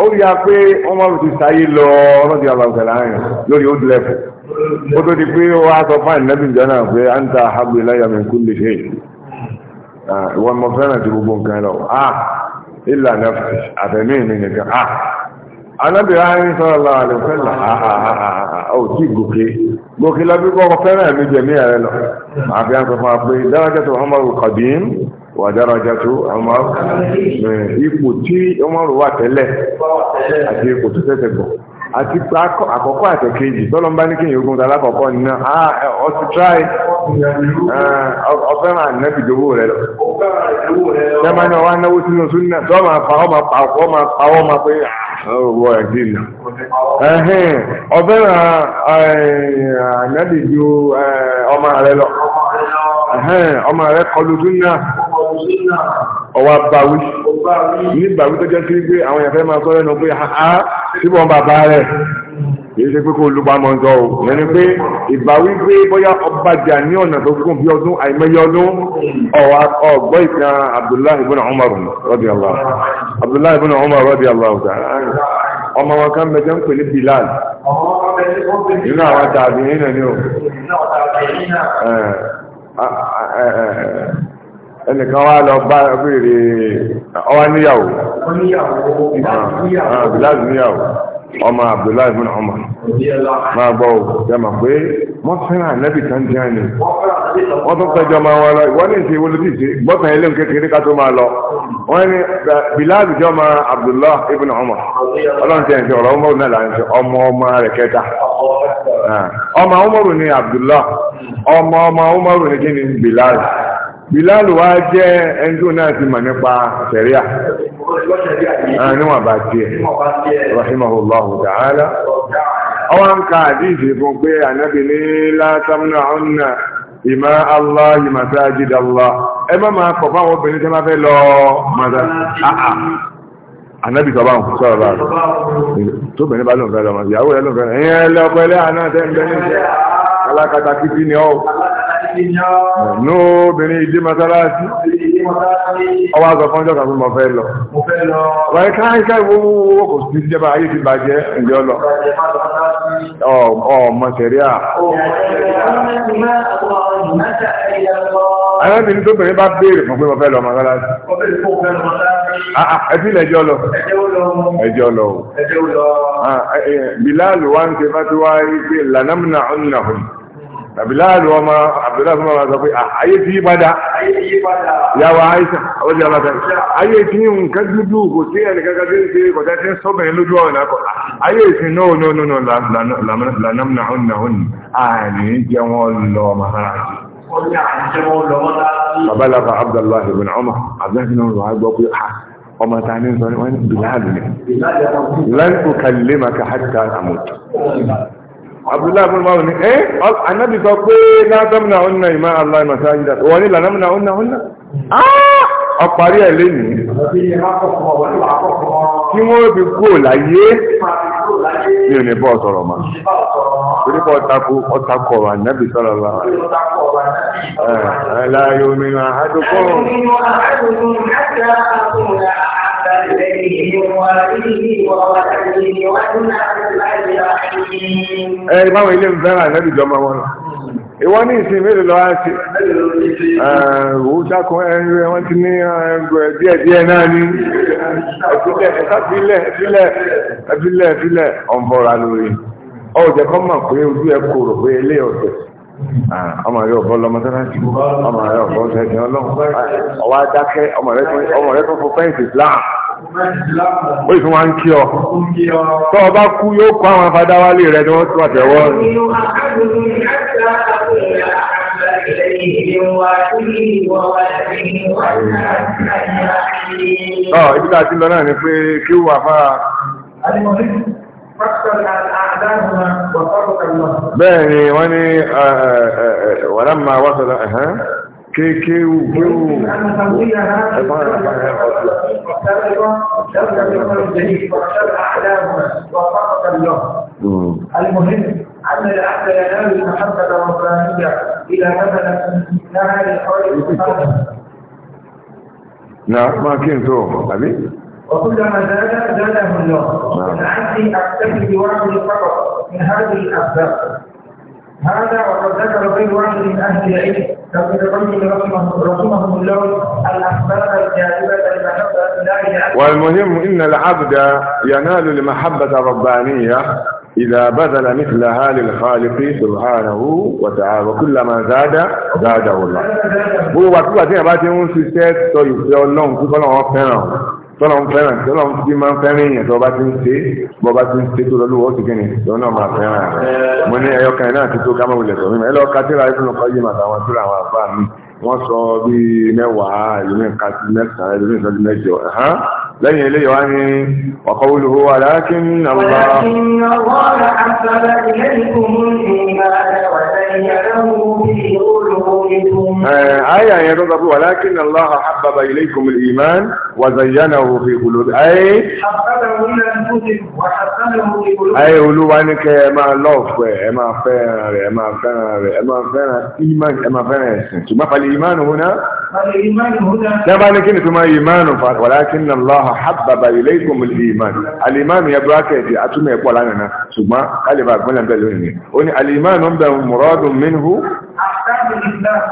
ó rí a pé Umaru ti sáyé lọ ọlọ́dí alára ni lórí old level ó tó di pé ó wá sọ fún àìnàbì ìjọ náà pé à ń ta àhábù iláyà mi kú lè ṣe ìwọ ọmọ fẹ́ràn ti gbogbo nǹkan lọ ah ìlànà àtẹ̀mí mi nìkan ah anábìrá ń sọ̀rọ̀ lọ àlùfẹ́lá ó tí gòkè gòkè lọ bí kò fẹ́ràn mi jẹ̀mí ẹ̀rẹ́ lọ àfi àǹsọ̀ fún wa pé darajatu Umaru qadim wà darajatu Umaru ipò tí Umaru wà tẹ́lẹ̀ àti ipò tó tẹ́tẹ̀ gbọ̀. àti pé àkọ́kọ́ àtẹ̀kejì mba ní kéèyàn ogun alakọkọ ní náà ah, ti try ọfẹ́ máa nẹ́bi ìdòwò rẹ lọ. ṣẹ́mà ní ọwọ́ anáwó sínú sún náà tọ́ máa pa ọ́ máa pa ọ́ máa pa ọ́ máa pé ọwọ́ ẹ̀ dì nà. ọfẹ́ máa nẹ́bi ju eh, ọmọ rẹ ọwọ́ bawí ní bawí tó jẹ́ sí pé àwọn èèyàn fẹ́ máa sọ lẹ́nu pé ha síbọn bàbá rẹ̀ èyí ṣe pé kó olùpa mọ̀ ǹjọ́ o yẹn ni pé ìbáwí pé bóyá ọba jà ní ọ̀nà tó gùn bí ọdún àìmọye ọdún ọgbọ́ ìtàn Abdullahi ibn Umar Allah, Abdullahi ibn Umar radiyallahu ta'ala ọmọ wọn kan mẹjọ ń pè ní Bilal nínú àwọn tàbí nínú ni o ẹnìkan wá lọ bá béèrè ọwá níyàwó ah, abdullahi níyàwó ọmọ abdullahi bin Umar máa gbọ́ ò jẹ́mà pé wọ́n fẹ́ràn ànábì kan jẹ́ ni wọ́n tún pẹ́jọ máa wọn lọ ìwọ́n ní ìṣe wọlé tí ìṣe gbọ́tàn ilé kékeré ká tó máa lọ wọ́n ní eh, bilal jọ ma abdullahi ibn Umar ọlọ́run ti ẹ̀ ń ṣe ọ̀rọ̀ ọmọ náà là ń ṣe ọmọ ọmọ rẹ̀ kẹta ah, ọmọ Umaru ni abdullahi ọmọ ọmọ Umaru ni kí ni bilal Bilal wa jẹ́ ẹni tó náà ti mọ̀ nípa sẹ̀ríà ah, níwọ̀n bá tiẹ̀ rahimahullahu ta'ala ọwọ́ ka àdíjì fún pé ànábì ní látàmúnà ọ̀nà ìmá Allah masajid Allah ẹ má máa kọ̀ fáwọn obìnrin tẹ́ máa fẹ́ lọ ah, ah. ànábì sọ báwọn sọ̀rọ̀ bá rẹ̀ tó bẹ̀rẹ̀ bá lóun fẹ́ lọ ìyàwó rẹ̀ lóun fẹ́ lọ lọ́pẹ́lẹ́ àná tẹ́ ń bẹ́ ní ni ọ́ Nú obìnrin ìdí masalasi. Ọwọ́ àgbà fún ọjọ́ kan fún mọ̀fẹ́ lọ. Wọ́n ká ìká ìwọ́wọ́wọ́ kò sí ìjẹba ayé ti bàjẹ́ ìjọ lọ. Ọmọ ṣẹ̀ríà. Arábìnrin tó bẹ̀rẹ̀ bá béèrè fún pé mọ̀fẹ́ lọ masalasi. Ẹbí lẹ́jọ́ lọ. Ẹjọ́ lọ. Bìláàlù wá ń ṣe fásiwáyé pé lànàmùnà ọ̀nà hùn àbíláàlù ọmọ àbíláàlù ọmọ sọ pé ah, ayé tí padà yàwó àìsàn ọjọ́ àbáta ayé tí nǹkan dúdú kò sí ẹnìkankan tí ń ṣe kọjá tí ń sọ́bẹ̀rin lójú ọ̀nà kọ ayé tí náà náà náà lànàmùnà ọ̀nà ọ̀nà àní jẹ́ wọn lọ ọmọ ara jù. bàbá lafa abdullahi ibn umar abdullahi náà wà gbọ́ pé ah, ọmọ ta ní sọ ní wọn ní bìláàlù ni lan ukallimaka hatta amut abdullahi bin mawu ni ẹ eh, anabi sọ pé látọ́mùnà ọ̀nà ìmọ̀ aláì màsá yìí dà wọ́n ní lànàmùnà ọ̀nà ọ̀nà ọparí ẹ̀ lé nìí kí wọ́n fi kú òláyé ní òní bọ́ sọ̀rọ̀ ma onípa ọ̀tako ọ̀tako ọ̀rọ̀ anabi sọ̀rọ̀ eh, la ẹ̀ ẹ̀ láyé omi náà adókòrò. Ẹ̀rí máa ilé ń fẹ́ràn lẹ́bí wọn lọ. Ìwọ́n ní lọ ti ní díẹ̀díẹ̀ náà ní ọ̀nbọ̀ra lórí. Ọ̀jẹ̀ mọ̀ pé ojú ẹ pé ilé ọ̀tẹ̀ ọmọ ọmọ ọmọ ó ìfún wa ń kí ọ tó ọba kú yóò kọ àwọn afádáwálé rẹ ni wọ́n tún àtẹ̀wọ́ ọ̀ ibi tá a ti lọ náà ni pé kí wà fára bẹ́ẹ̀ ni wọ́n ní wàlámà wàsọ̀lá كي kéwù المهم أن العبد ينال المحبة الربانية إلى مثلا نهى لحوله نعم ما وكلما زاد زاده الله العبد أكتفي بواحد فقط من هذه الأسباب هذا وقد ذكر غير واحد من اهل العلم لو القيم رحمه الله الاخبار الجاذبه المحبه والمهم ان العبد ينال المحبه الربانيه إذا بذل مثلها للخالق سبحانه وتعالى وكلما زاد زاده الله. gbogbo àtúgbà tí yàrá bá ti ń ṣiṣẹ́ sọ ìfẹ́ ọlọ́run kúkọ́ kuko tọ́lọ̀ ń fẹ́ràn tọ́lọ̀ ń fi máa ń fẹ́ràn èèyàn tọ́ba ti ń ṣe bọ́ba ti ń ṣe tó lọ́lú wọ́ọ̀tì kìíní lọ́wọ́ náà máa fẹ́ràn rẹ̀ mo ní ẹyọkàn náà ti tó kámọ́ wulẹ̀ sọ mímọ́ ẹ lọ́ọ́ kátìrà ìfúnnu kọ́jú màtà àwọn tíra àwọn àbá mi wọ́n sọ bíi mẹ́wàá ìlú mẹ́ka mẹ́sàn-án ìlú mẹ́sàn mẹ́jọ لن يلي وامين وقوله ولكن الله ولكن الله أحسن إليكم الإيمان وزينه في قلوبكم أي آه، أي يتضبوا ولكن الله حبب إليكم الإيمان وزينه في قلوبكم أي أنفسكم أي قلوب أنك ما لوف ما فنر ما فنر ما فنر إيمان ما فنر ما فالإيمان هنا فالإيمان هنا لا بأنك إنتما إيمان ولكن الله الله حبب إليكم الإيمان الإيمان يا براكة أتم يقول أنا ثم قال بعد من لم وان الإيمان هم مراد منه احسن من الله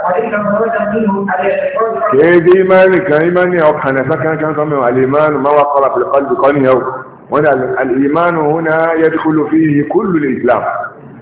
إيماني كإيماني أو حنفا كان كان صمم الإيمان ما وقر في القلب قنيه وأن الإيمان هنا يدخل فيه كل الإسلام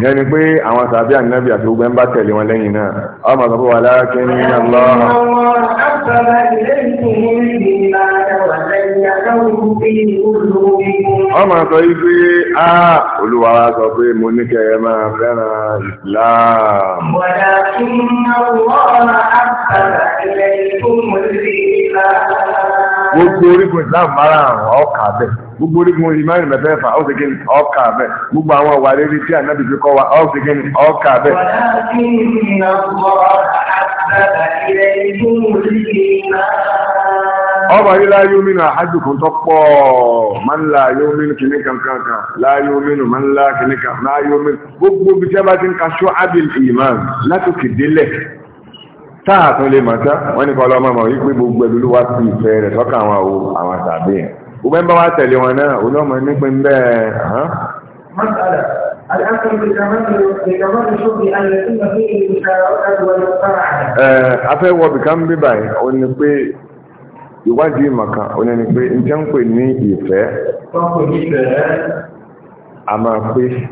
yẹn ni pé àwọn sàbí ànábì àti ogun ń bá tẹ̀lé wọn lẹ́yìn náà ọmọ sọ pé wà láàkí ní ọlọ́ ọmọ sọ yìí pé á olúwa sọ pé mo ní ẹ máa fẹ́ràn Islam. wàdà kí gbogbo orígun islam mara àrùn ọkà bẹ gbogbo orígun ìmáyìn mẹfẹẹfà ọsẹkẹni ọkà bẹ gbogbo àwọn ọwà rere tí ànábì fi kọ́ wa ọkà bẹ. ọba yìí láyé omi náà tó pọ̀ máa ń la ayé omi kan láyé omi náà máa ń kan láyé gbogbo bí tí a bá ti ń ka ṣọ́ délẹ̀. táà tún lè mọ̀tá wọ́n ní kọlọ́ ọmọ wípé gbogbo ẹ̀lú wá sí ìfẹ́ rẹ̀ tọ́ka àwọn àwo àwọn àtàbí ẹ̀ gbogbo ẹ̀ bá wá tẹ̀lé wọn náà òun náà mọ̀ nípe ń bẹ́ẹ̀ hàn. afẹ́ wọ bìkan bí báyìí ó ní pé ìwádìí màkà ó ní pé njẹ́ ń pè ní ìfẹ́. a máa pé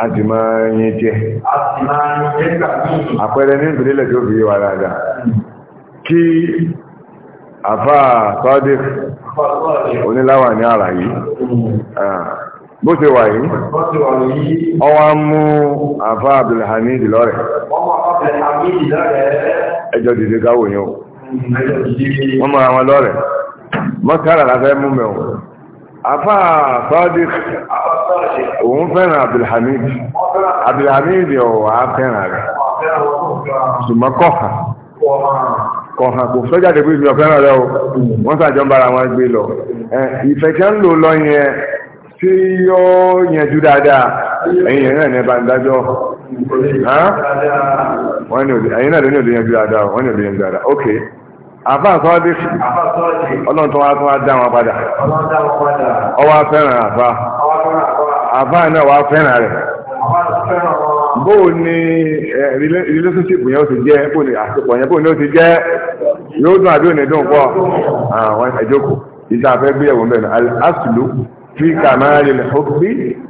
a máa yẹn jẹ́ àpẹẹrẹ ní ìpínlẹ̀ tó fi wà dáadáa kí yi, sọ́dé oníláwà ní àrà hmm. yìí bó ṣe wà yìí ọwá mú àfá Abdulhamid lọ́rẹ̀ ẹjọ́ dìde gáwò yóò hmm, wọ́n mọ́ra wọn lọ́rẹ̀ mọ́sára láfẹ́ mú mẹ́wọ̀n afá sadiq òun fẹ́ràn abdulhamid abdulhamid fẹ́ràn rẹ̀ ṣùgbọ́n kò fẹ́ jáde pé o wọ́n ń bára wọn gbé lọ lọ yẹn dáadáa náà ní ẹ̀bá ń dájọ́ ní òde dáadáa ok. àfa àsọ́ọ́dé ọlọ́run tó wá tó wá dá wọn padà ọwọ́ afẹ́ràn àfa àfa náà wá fẹ́ràn rẹ̀ bóò ni relationship yẹn ó ti jẹ́ bóò ni àsopọ̀ yẹn bóò ni ó ti jẹ́ yóò dùn àbí òní dùn pọ̀ àwọn ìjókòó ìta afẹ́ gbé ẹ̀wọ̀n bẹ̀rẹ̀ asùlù fi kàmáàlì lẹ́kọ̀ọ́bí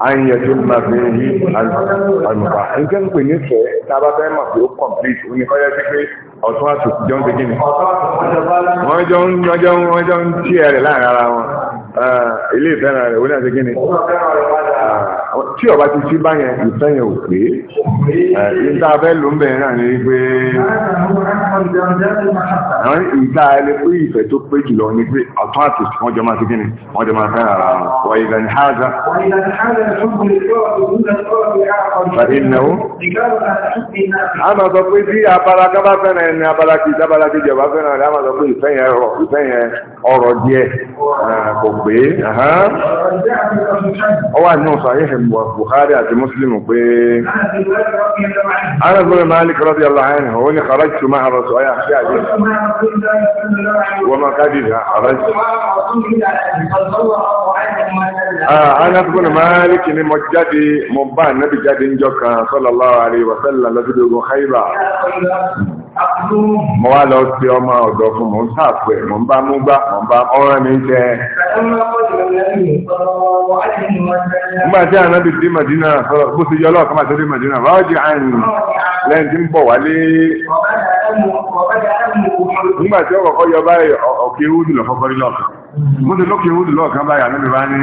àyẹ̀tò màfihì àlùmọ̀bà nǹkan pè ní fẹ́ tábàfẹ́ mọ̀ pé ó complete oníkọ́yẹ́ sí pé ọ̀tún àtòkù jọ ń ṣe kí ni wọ́n jọ ń tí ẹ̀rẹ̀ láàrin ara wọn. Ah, ilé ìfẹ́ràn rẹ̀ wọ́n ní àti kíni tí ọba ti sí báyẹn ìfẹ́yẹn ò pé eh, ìta fẹ́ ló ń bẹ̀rẹ̀ náà ní pé àwọn ìta ẹni pé ìfẹ́ tó pé jùlọ ní pé ọ̀tún àti wọ́n jọ máa ti kíni wọ́n jọ máa fẹ́ràn ara wọn wọ́n ìgbà ní háza. fàdínàwó a máa sọ pé tí abala kábà fẹ́ràn ẹni abala kìí sábàlá kìí jọba fẹ́ràn rẹ̀ a máa sọ pé ìfẹ́yẹn rọ̀ ìfẹ́yẹn ọ̀rọ̀ díẹ̀ ah, kò pé ọ wà ní ọ̀sán ayéhìn Bukhari àti Muslim pé arábìnrin Malik radiyallahu anhu ó ní kàrájì tó máa rọ̀sọ̀ ọ̀yà sí àjẹ́ wọ́n máa káàdì ìdá àrájì arábìnrin Malik ni mo jáde mo bá nábì jáde ń jọ kan sallallahu alaihi wa sallam lọ́dún ogun mo wá lọ sí ọmọ ọ̀dọ̀ fún mo ń sàpò ẹ̀ mo ń bá mú gbá mo ń bá ọ̀rẹ́ mi jẹ. nígbà tí ànábì dé Màdínà bó ṣe yọ ọlọ́ọ̀kan máa tó dé Màdínà àyìn lẹ́yìn tí ń bọ̀ wálé. ọ̀gá nígbà tí ọkọ̀ yọ báyìí ọ̀kẹ́ húdù lọ fọ́fọ́ rí lọ́ọ̀kan mo ti lókè húdù lọ́ọ̀kan báyìí àmì bá ní.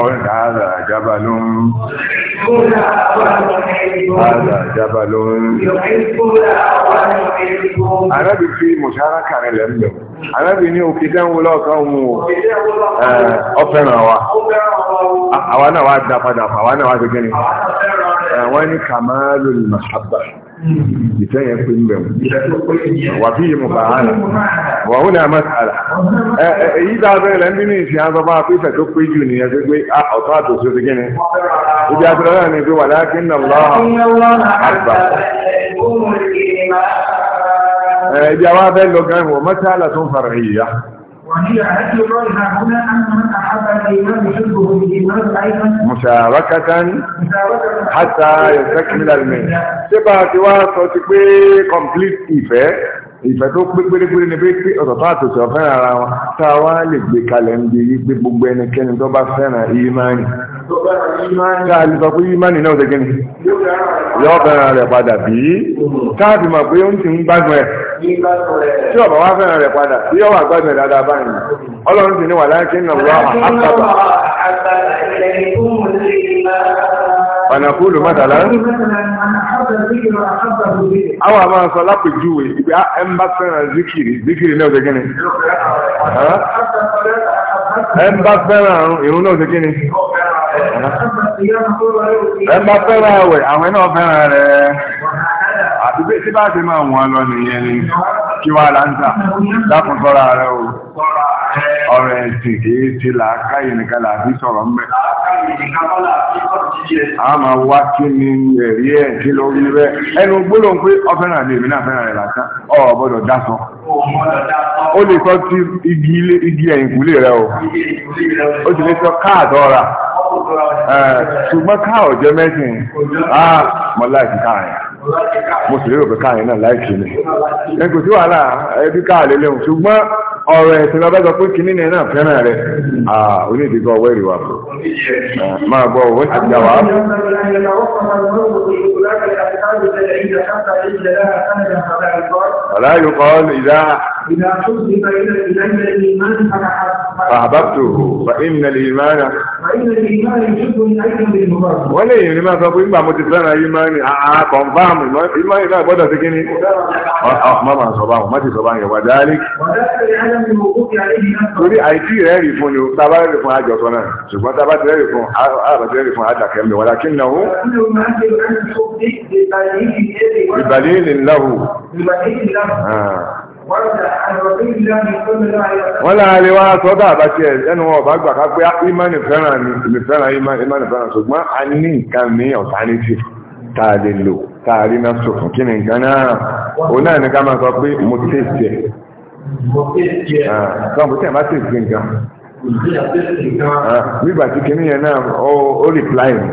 ọ̀rẹ́ ní ààrẹ àjábá ló ń. ààrẹ àjábá ló ń. arábì fi mùsàlá kàrin lẹ́ ń bẹ̀. arábì ní òkè dẹ́wọ́ lọ́ọ̀kan òun o ọ̀fẹ́ràn wa àwa náà wá dá padà náà wá ti gẹ́ni. wani kamalul mahabba ite ya pe n wa fi i moba láti ń lọ àgbà to pe oto ne ti àwọn abẹ́ agba eedi awon lo gan wọ̀ mọ́sàlá tó ń وهي أكل رأيها هنا أن من أحب الإيمان يحبه بالإيمان أيضا مشاركة حتى يستكمل المال. Ṣé bá ti wá sọ ti pé complete ìfẹ́? ìfẹ́ tó pé pérépéré ni pé pé ọ̀tọ̀tọ̀ àtòsí ọ̀fẹ́ ara wọn tá a wá lè gbé kalẹ̀ ń bi yí pé gbogbo ẹnikẹ́ni tó bá fẹ́ràn ìmánì tá a lè sọ pé ìmánì náà ṣe kíni yóò fẹ́ràn rẹ̀ padà bí káàdì mọ̀ pé ó ń ti ń gbádùn ẹ̀ tí ọ̀bà wá fẹ́ràn rẹ̀ padà tí ọ̀wà gbádùn ẹ̀ dáadáa báyìí ọlọ́run ti ní wà láyé kí ń nà wọ́n àpàtà ọ̀nàkúlù mọ́tàlá àwọn àmà sọ lápèjúwe ibi ẹmbá zikiri zikiri náà gẹ́gẹ́ ni ẹmbá náà gẹ́gẹ́ ni ẹmbá àwọn náà fẹ́ràn rẹ̀ àdúgbò tí bá ti máa wọ́n lọ nìyẹn ni kí wá láńtà dákun sọ́ra rẹ o ọ̀rọ̀ ẹ̀sìn kìí ti làákà ìrìnká làbí sọ̀rọ̀ mẹ́. a máa wá kí ni ẹ̀rí ẹ̀ kí ló rí rẹ ẹnu gbólóhùn pé ọ̀fẹ́ràn àbí èmi náà fẹ́ràn rẹ̀ làákà ọ̀ gbọ́dọ̀ dá sọ. ó lè sọ sí igi ẹ̀yìnkùlé rẹ o ó sì lè sọ káàdọ̀ rà ṣùgbọ́n káà ọ̀jẹ́ mẹ́sìn-ín ah, mọ́lá ìdíkà rẹ̀ mo sì lérò pé káàrin náà láìkì ni ẹ kò sí wàhálà ẹbí káàlélẹ́hùn ṣùgbọ́n ọ̀rọ̀ ẹ̀sìn lọ bẹ́sọ pé kìíní ẹ̀ náà fẹ́ràn rẹ̀ onídìíkọ̀ ọwọ́ ìrìwà fún máa gbọ́ owó ti gbà wá. ọ̀la yóò kọ́ ìdá Fàbátò fàínà lè máa rà. Wọ́n lè yìnrìn máa sọ pé ìgbà mo ti fẹ́ràn yìí máa ní àà kọ̀nfàmù ìmọ̀ ìlà gbọ́dọ̀ sí kí ni. Ọ̀pọ̀ máa sọ báwọn, má ti sọ báwọn yẹ̀ wà dáálí. Wà dáálí torí àìsí rẹ̀ rí fún ni o tá a bá rẹ̀ fún àjọsọ náà ṣùgbọ́n tá a bá ti rẹ̀ fún àbá ti rẹ̀ fún àdàkẹ́ mi wọ́n lákì náà ó. ìbàdí ni ńláwù. Ah. wọ́n láàrin wá sọ́dọ̀ àbáṣe ẹnu ọba gbà ká pé ìmánì fẹ́ràn ni ìmì fẹ́ràn ìmánì fẹ́ràn ṣùgbọ́n a ní nǹkan mi alternative tá a lè lò tá a rí náà sọ fún kí ni nǹkan náà òun náà ní ká máa sọ pé mo tẹ̀sí ẹ̀. Báwo ah, bó tẹ̀ bá tẹ̀ sí nǹkan? Nígbà ah, tí kìíní yẹn náà ó rìpláì mi.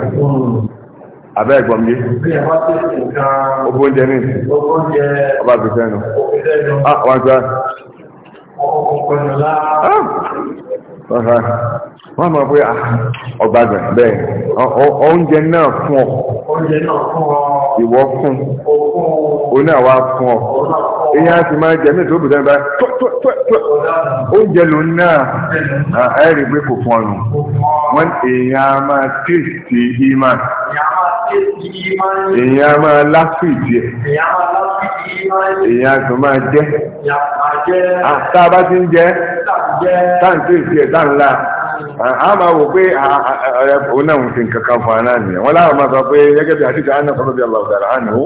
Abẹ́ ẹ̀gbọ́n mi. Ó bóúnjẹ ní. Ọba fi ah Wọ́n sọ wọ́n mọ̀ pé ah, ọgbàgbà bẹ́ẹ̀ oúnjẹ náà fún ọ ìwọ fún òun náà wá fún ọ èyí á ti máa jẹ mí tó bùdá nípa tó tó tó tó oúnjẹ lòun náà ah, ẹ rí i pé kò fún ọ nù wọn èyí á máa tèèsì ìmá èyí á máa lásìkò ìdí ẹ èèyàn àtún máa jẹ́ tá a bá ti ń jẹ́ táǹtì sí ẹ̀ táǹlà a máa wò pé òun náà ń fi nǹkan kan fún aná nìyẹn wọn láwọn máa sọ pé gẹ́gẹ́ bí àti jàánà sọ́dọ̀ bí aláwọ̀ dára àná ó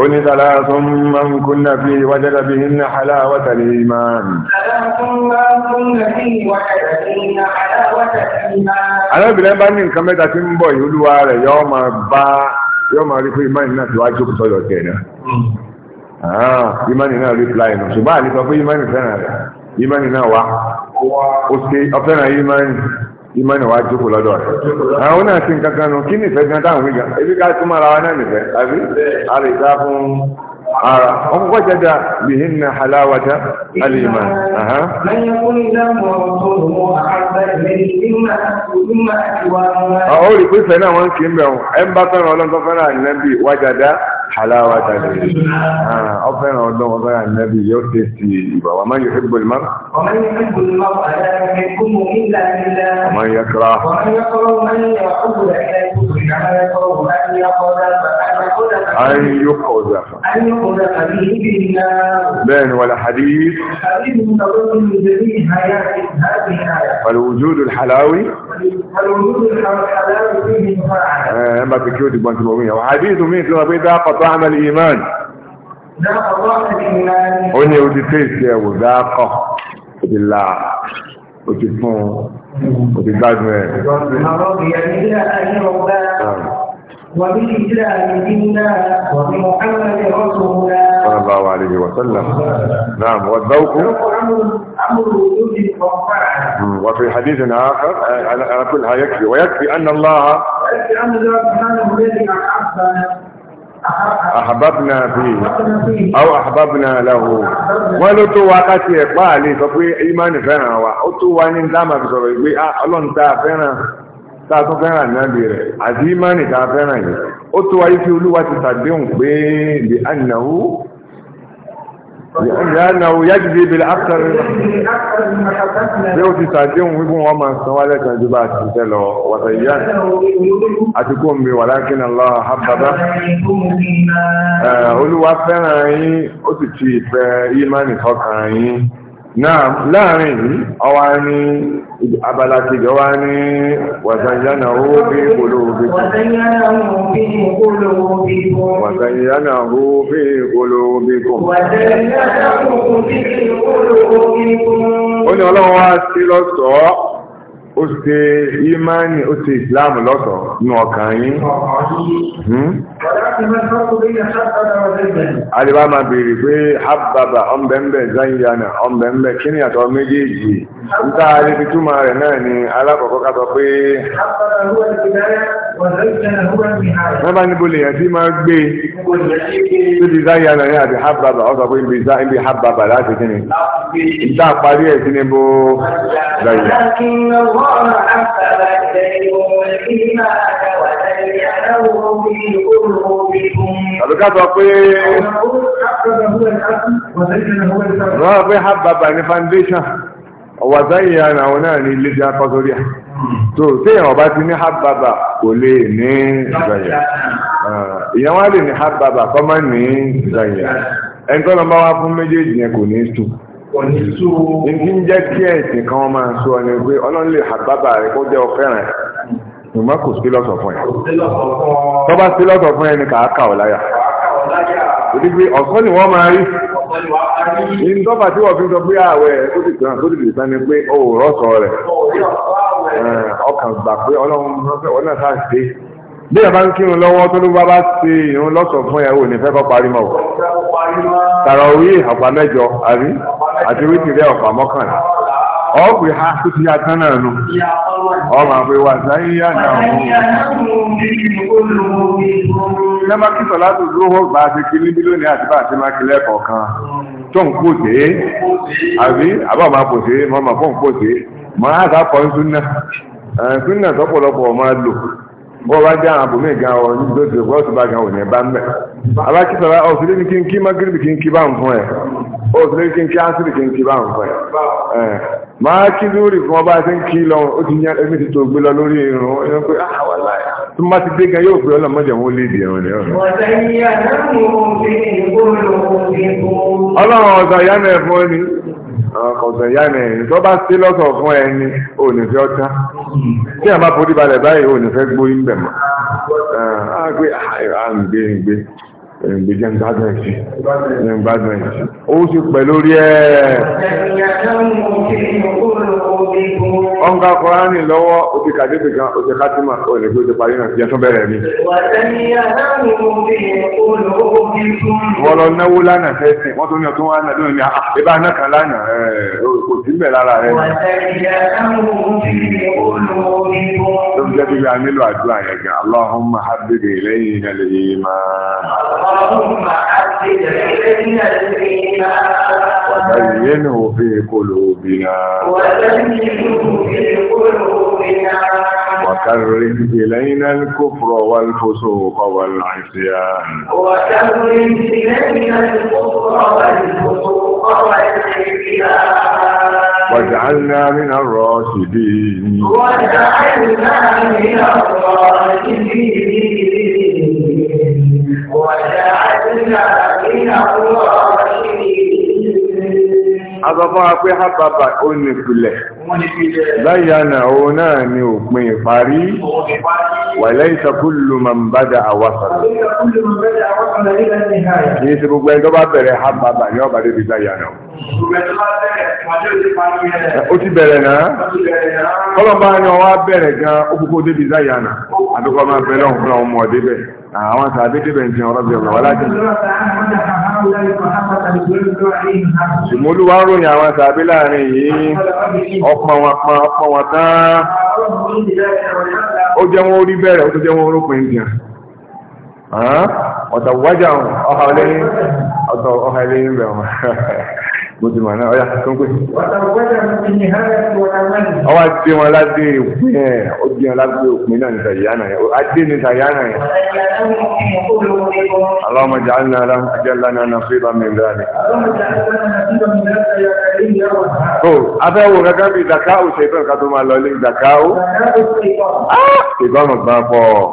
oní tàlá tó ń máa ń kún náà bí wájá dàbí iná hálà wátà lè máa nì. alábìnrin bá ní nǹkan mẹ́ta tí ń bọ̀ yìí olúwa rẹ̀ yọ́ máa bá yóò máa rí pé ìmáànì náà ti wá jókòó sọ́dọ̀ tẹ̀ náà. Ah, ìmáànì náà rí pláì nù ṣùgbọ́n àlè sọ pé ìmáànì fẹ́ràn rẹ̀ ìmáànì náà wá ó ṣe ọ̀fẹ́ràn ìmáànì ìmáànì wá jókòó lọ́dọ̀ rẹ̀. àwọn ah, náà ti ń kankan nù kí nìfẹ́ gan táwọn wíjà ebi ká tún máa ra wa náà nìfẹ́ àbí àrè sá fún ara ọkọ̀kọ́ jẹ́dà lèhìn na halawata alìmá aha ọ̀họ́ rí pé fẹ́ náà wọ́n kí ń bẹ̀rún ẹn bá fẹ́ràn ọlọ́ntọ́ fẹ́ràn ànẹ́bì wájàdá halawata lèhìn ọfẹ́ràn ọlọ́ntọ́ fẹ́ràn ànẹ́bì yóò tẹ́ sí ìbà wà máa yóò fẹ́ gbọ́lì máa ọmọ yẹ kọ́ra أن يقذف أن يقذف به بالنار ولا حديث حديث من جميع هذه الآية فالوجود الحلاوي فالوجود الحلاوي فيه مفاعل أما آه، بكيوت بنت المؤمنين وحديث مثل ما بيدا الإيمان ذاق طعم الإيمان هنا يوجد يا وذاق بالله وتفون وتبادل وبالإسلام دينا وبمحمد رسولنا صلى الله عليه وسلم نعم والذوق أمر وجود وفي حديث آخر على كلها يكفي ويكفي أن الله يكفي أن الله سبحانه الذي أحبنا أحببنا فيه أو أحببنا له wọ́n وقتي قالي ففي ká tiẹ̀ pa àlè sọ pé ìmánì fẹ́ràn wa tá a tún fẹ́ràn nábì rẹ̀ àti ìmánì tá a fẹ́ràn yìí ó tó wáyé tí olúwa ti tàdéhùn pé lè ànàwó lè ànàwó yájú bí ibìlẹ̀ áfẹ́rẹ́ bí ó ti tàdéhùn wípé wọ́n máa san wálé kan ju bá ti tẹ́ lọ wàtà ìyá àti kó mi wà lákínà lọ àbábá olúwa fẹ́ràn yín ó sì ti ìfẹ́ ìmánì sọ́kàn yín náà láàrin yìí ọwá ní abala kejì ọwá ní wàsànyánà owó bí olóòbí wàsànyánà owó bí olóòbí kùn ó ní ọlọ́wọ́ wá sí lọ́sọ̀ọ́ ó ṣe ìmánì ó ṣe ìsìláàmù lọ́tọ̀ ní ọkàn yín. Hmm? Adébá máa bèèrè pé Hábàbà ọ̀nbẹ̀m̀bẹ̀ Zanyana ọ̀nbẹ̀m̀bẹ̀ kí ni àtọ́ méjèèjì. Níta àlebi túmọ̀ rẹ̀ náà ni alákọ̀ọ́kọ́ ká sọ pé. Wọ́n bá níbo lèèyàn tí máa gbé síbi Zanyana ní àti Hábàbà ọ̀sọ̀ pé ibi Hábàbà láti kí ni. Níta parí ẹ̀ sí níbo Zanyana. الله حبب إليهم الإيمان وزينه في ní foundation àwọn náà ní ilé jẹ́ ti ní hábàbà kò lè ní ìgbàyà ìyẹn wá lè ní hábàbà kọ́ ní ìgbàyà ẹni bá wá fún méjèèjì yẹn kò ní Ìdí ń jẹ́ kí ẹ̀sìn kan máa sọ ni pé ọlọ́run lè àbábà rẹ̀ kó jẹ́ ọ̀fẹ́ràn ẹ̀. Ìmọ̀ kò sí lọ́sọ̀ fún ẹ̀. Tó bá sí lọ́sọ̀ fún ẹ ni kà á kà ọ́ láyà. Òdí pé ọ̀sán ni wọ́n máa rí. Ìdọ́fà tí wọ́n fi sọ pé ààwẹ̀ tó ti tàn tó ti dìtàn ni pé ó rọ́sọ̀ rẹ̀. Ọkàn gbà pé ọlọ́run rọ́sẹ̀ ọ̀nà sáà ṣe bí ẹ bá ń kírun lọ́wọ́ tó ló bá bá ṣe ìrún lọ́sọ̀ fún ẹ̀ ò ní fẹ́ kọ́ parí mọ́ o. tàràwí àpá mẹ́jọ àbí àti wítìrí ọ̀pá mọ́kànlá ọ̀pẹ̀ ha tó ti yàtọ̀ náà nù ọmọ àpẹ wà sáyé yàtọ̀ àwọn nẹ́bà kí sọ̀lá tó lówó bá ti kí níbi lónìí àti bá ti máa kí lẹ́kọ̀ọ́ kan tó ń pòṣe àbí àbámà pòṣe mọ́mà fún pòṣe mọ́ àgbà kan súnà súnà tọ́pọ̀lọpọ̀ máa lò bọ́ bá já àwọn àbòmí gan ọ ní tó ti wọ́n ti bá gan òní ẹ̀bá mẹ́. aláàkí sọ̀rọ̀ ọ̀sùn lébi kí n kí magrebi kí n kí bá ń fún ẹ̀ ọ̀sùn lébi kí n kí ásírì kí n kí bá ń fún ẹ̀. máa kí lórí fún ọba àti ń kí lọ ó ti yan ẹbí ti tó gbé lọ lórí irun ẹni pé ah, tó má ti dé gan yóò fi ọlọ́mọ jẹ̀ wọ́n lédi irun ni. ọlọ́run ọ̀sán yánà ẹ̀fọn ni ọ̀sẹ̀ ìyá ni ẹ̀yìn tó bá sí lọ́sọ̀ fún ẹni ò ní fẹ́ ọtá tí forí balẹ̀ báyìí ò ní fẹ́ gbóyè ń bẹ̀ mọ́ àgbé àgbé ìgbé ìgbé gbádùn ẹ̀sìn jẹ́ gbádùn ẹ̀sìn ó sì pẹ̀ lórí ẹ̀ ọ̀nka kọ́ránì lọ́wọ́ òbí kàdébì kan òṣè kátìmá òyìnbó gbé ti parí náà yẹn tún bẹ̀rẹ̀ mi. wọ́n lọ náwó lánàá fẹ́sìn wọ́n tún ní ọtún wá náà lónìí ní ibà ah, náà kan lánàá kò sí mbẹ̀ lára rẹ̀. tó ń jẹ́bi bá nílò àdúrà yẹn gan aláhùnmá hábìlì lẹ́yìn iná lè yé máa. aláhùnmá hábìlì lẹ́yìn iná lè yé máa. wàtá yìí yẹn ní òfin kò lóbi náà. wàtá yìí وكرم إلينا الكفر والفسوق والعصيان وكره إلينا الكفر والفسوق واجعلنا من الراشدين واجعلنا من الراشدين واجعلنا من الراشدين Azọ́fún wa pé hápapà ó ní ìpìlẹ̀. Láyànà òun náà ni òpin ìparí. Wàlẹ́ ìsàkúlù máa ń bádà àwásàlẹ̀. Kìí ṣe gbogbo ẹni tó bá bẹ̀rẹ̀ hápapà ní ọba débi láyànà. Ó ti bẹ̀rẹ̀ náà. Kọ́lọ̀mbá ni ọwá bẹ̀rẹ̀ gan okùnkú débi láyànà. Àdúgbò máa bẹ̀rẹ̀ ọ̀hún fún ọmọ débẹ̀. Àwọn tàbí débẹ̀ ń jẹun rọ́bì ọ̀rọ̀ wọlá jẹun. Ìmọ̀lúwa ròyìn àwọn tàbí láàrin yìí ọpọ wọn pa ọpọ wọn tán ó jẹ́ wọn orí bẹrẹ ó tó jẹ́ wọn orópin dìàn ọ̀tọ̀ wájà bó ti mọ̀ náà ọ̀yà tó ń pè. ọwọ́ àti wọn ládé òpin ẹ̀ ó di wọn ládé òpin náà ní sàyánà yẹn adé ní sàyánà yẹn. اللهم اجعلنا لهم اجلنا نصيبا من ذلك. tó afẹ́wò gẹ́gẹ́ bíi zakao ṣe fẹ́ ká tó máa lọ ilé zakao. Ah, ìbámu bá pọ̀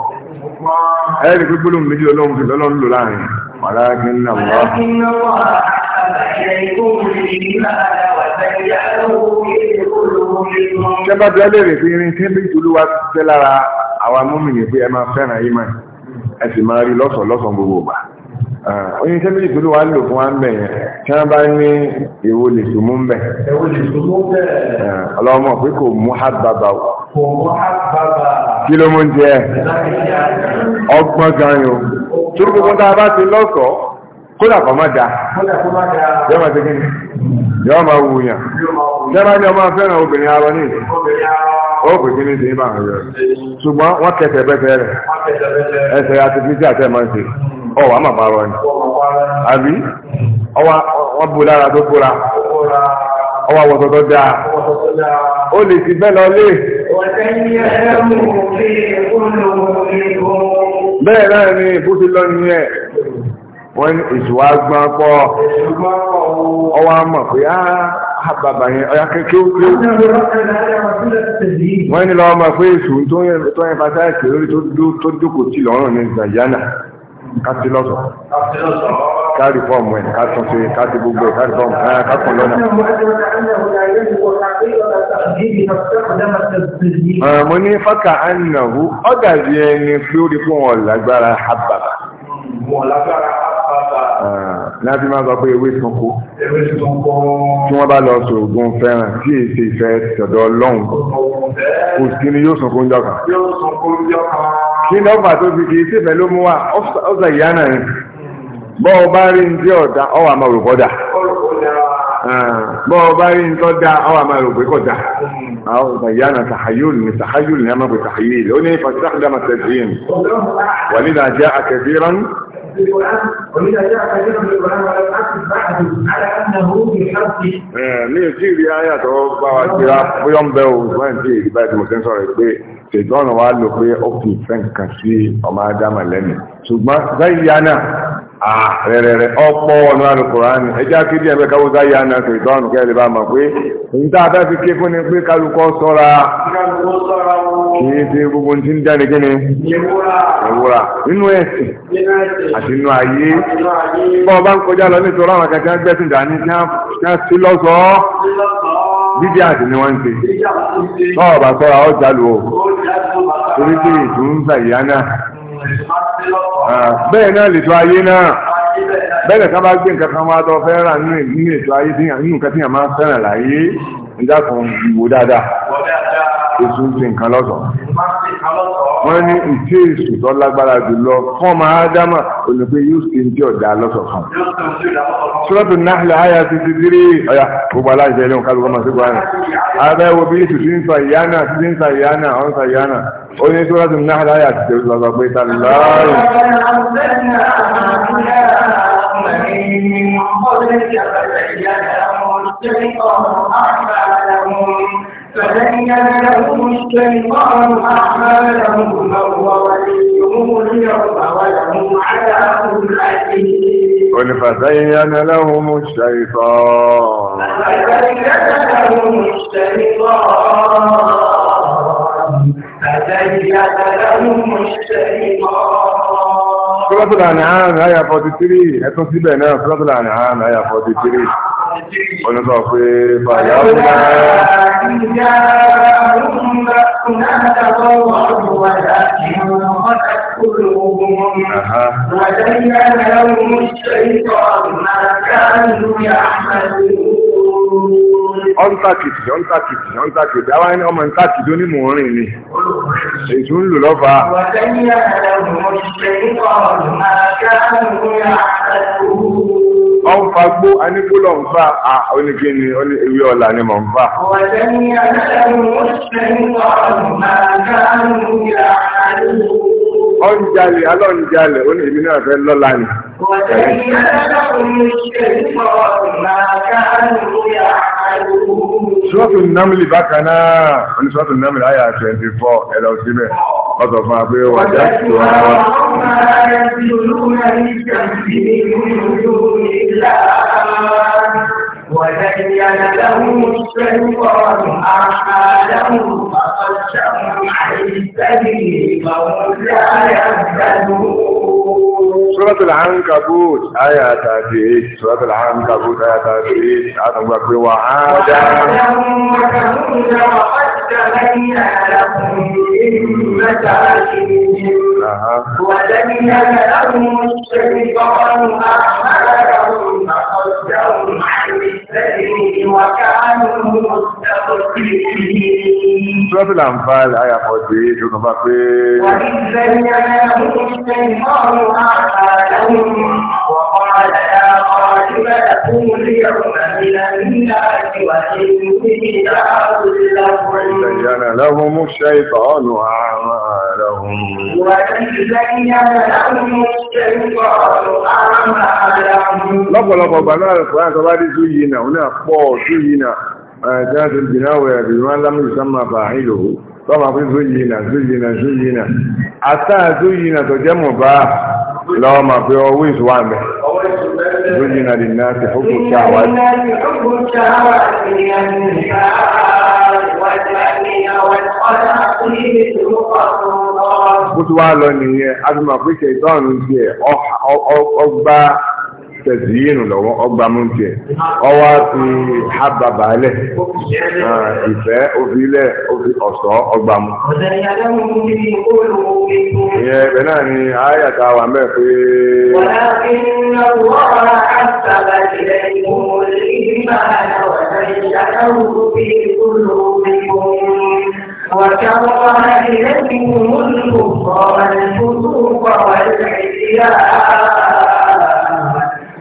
ẹ̀rí gbígbóló méjì ọlọ́run fi lọ́lọ́run lò láàrin. wàlákin náà wà. Tẹ́bá bí ọlẹ́rẹ̀ fi rin tí méjì olúwa ti fẹ́ lára àwọn amúmìnì pé ẹ máa fẹ́ràn yí máa ẹ sì máa rí lọ́sàn lọ́sàn gbogbo ọgbà. Oyin tẹ́ méjì olúwa lò fún wa ń bẹ̀ yẹn, tí wọ́n bá ní èwo lè sùn mú ń bẹ̀. Èwo lè sùn mú bẹ̀. Ọlọ́mọ pé kò mú hábàbà o. Kí ló mú jẹ? Ọgbọ́n gan yo. Torí gbogbo tá a bá ti lọ́sọ̀ọ́, kódà kọ́ má da. Kódà kọ́ má da. Yọ ma máa ya. yàn jẹ́bá ní ọmọ na obìnrin arọ ní ìlú ó kí ní ti ní bàrán rẹ̀ ṣùgbọ́n wọ́n kẹsẹ̀ bẹ́sẹ̀ àti àmà ni àbí bu lára tó tó dáa ó lè bẹ́ẹ̀ lọ lé. bẹ́ẹ̀ náà ni bó ti lọ nìyẹn. wọ́n ní èsù wa gbọ́n pọ̀ ọwọ́ àmọ̀ pé á ah, ah, bàbá yẹn ọ̀yà kékeré wọ́n ní lọ́wọ́ máa pé èsù tó yẹn bá sáyẹ̀ kéré lórí tó dúkò tí lọ́rùn ní nàìjíríà kásí lọ́sọ̀ káàrí fọ́ọ̀mù ẹ̀ kásán ṣe káàrí gbogbo ẹ̀ káàrí fọ́ọ̀mù ẹ̀ kákan lọ́nà. mo ní fákà ánàwó ọ̀dà bí ẹni pé fún wọn lágbára hábàbà. wọn lágbára láti máa sọ pé ewé sunko tí wọ́n bá lọ sòògùn fẹ́ràn tí èsì ìfẹ́ tọ̀dọ̀ ọlọ́run kò sí ni yóò sunko ń jọka kí ni ọ̀fà tó fi kì í sífẹ́ ló mú wa ọ̀sà ìyá náà ni bọ́ ọ bá rí ní tí ọ̀dà ọ̀wà máa rò kọ́dà bọ́ ọ bá rí ní tọ́ da ọ̀wà máa rò pé kọ́dà àwọn ìyá náà tàhayúlù ní tàhayúlù ní a máa pè tàhayúlù بالقرآن وإذا جاء كثير من القرآن ولم أكن بعد على أنه بحرف ní eh, ètí ìrí ayà tó bá wa jira bóyá ń bẹ o ṣùgbọ́n ìdí èyí báyìí tí mo ti ń sọ̀rọ̀ pé ṣètọ́nù wa lò pé ó fi ìfẹ́ nǹkan sí ọmọ ádámà lẹ́nu ṣùgbọ́n báyìí yá náà rẹ̀rẹ̀rẹ̀ ọ̀pọ̀ ọ̀nà alùkùránì ẹjá kí díẹ̀ bẹ́ káwọ́ sáyé àná tó ìtọ́nù kẹ́ lè bá mọ̀ pé ní tá a fẹ́ fi ké fún ni pé kálukọ́ sọ́ra kì ṣe gbogbo ń kí ni ìwúra nínú ẹ̀sìn àti ayé bọ́ ń kọjá lọ nítorí àwọn akẹ́kẹ́ gbẹ́sìn dání kí sí lọ́sọ̀ọ́ dídí àti ni wọ́n ń ṣe bá sọ́ra Ah, bẹ́ẹ̀ náà lè tó ayé náà bẹ́ẹ̀ kan bá gbé nǹkan kan wá tó fẹ́ràn nínú ètò ayé nínú nǹkan tí yàn máa fẹ́ràn láyé ìdákan ìwò dáadáa èso ń fi nǹkan lọ́sọ̀ wọ́n ní ìtí èso tó lágbára jùlọ fún ọmọ ádámà olùgbé yóò ṣe ń jẹ́ ọ̀dà lọ́sọ̀ kan sọ́dọ̀ náà láyà ti ti dírí ọ̀yà gbogbo aláìsẹ̀ ilé nǹkan lọ́mọ sí gbáyà abẹ́wò bí èso ti ń sọ ìyá náà ti ń sọ ìyá náà ọ̀n sọ ìyá náà ó ní sọ́dọ̀ náà láyà ti ti lọ́sọ̀ pé ta láàrú من قبلك فزين لهم الشيطان أعمالهم فهو وليهم اليوم ولهم عذاب أليم قل فزين لهم الشيطان فزين لهم الشيطان فزين لهم الشيطان sọ́lọ́tọ̀lá ní àárín àyà 43 ẹ̀tún síbẹ̀ náà sọ́lọ́tọ̀lá ní àárín àyà 43 olùsọ pé bàyá fúnra Aha ọ́ntàkìtì ọ́ntàkìtì ọ́ntàkìtì àwọn ẹni ọmọ ntàkìtì ó ní mò ń rìn ni ètò ń lò lọ́fà. ọ̀nfà gbó anígbólọ̀ nfa à onígi ni ewé ọ̀la ni mò ń fà. ọ̀sẹ̀ ni àgbẹ̀ mọ̀ ṣe ń wà ọ̀nà káàmù yà á lò ọ̀njalè alọ́njalè ó ní èmi náà fẹ́ lọ́la ni. Sọ́ọ̀tù Námìlì bákan náà, oní sọ́ọ̀tù Námìlì àyà 24 ẹ̀lọ́ síbẹ̀, wọ́n sọ fún wa pé wà já sí wa. Wọ́n وزين لهم الشيطان أعمالهم فصدهم عَلِي السبيل فهم لا يهتدون سورة العنكبوت آية 38 سورة العنكبوت آية 38 عدم بكر وعادا وثمود وقد لهم الشيطان أعمالهم Trọ́fìlà ń fa àyà pọ̀ sí ìṣòkan bá pé. Wàbí ìfẹ́ ní ayé àwọn ìṣẹ́ ìmọ̀ ọ̀rọ̀ àpàdánù wọ̀kọ́ àdáyà. بما تقول يوم من الناس وإني زين لهم الشيطان أعمالهم وزين لهم الشيطان أعمالهم lọ́pọ̀lọpọ̀ bàbá àlùfáà tó bá dé tó yìí náà náà pọ̀ tó yìí náà ẹ̀ẹ́dájú ìdínáwó ẹ̀bí sánmà bàáyìí lòó tọ́mà pín zúyìnà zúyìnà zúyìnà àtà zúyìnà tó jẹ́ mọ̀ bá lọ́wọ́ ma pé always wà mẹ́ زين للناس حب الشهوات حب الشهوات من النساء والبنين والقناطير تقطر bó ti wá lọ nìyẹn a ti mọ̀ pé ṣètọ́ọ̀nù tiẹ̀ ọgbà tẹ̀sí yìí lọ́wọ́ ọgbà mú tiẹ̀ ọwọ́ ti hábà balẹ̀ ìfẹ́ òfìlẹ̀ ọ̀sọ́ ọgbà mú. ìyẹn ibẹ̀ náà ni àyà tá a wà mẹ́ pé. وكره إليكم الكفر الفسوق والعصيان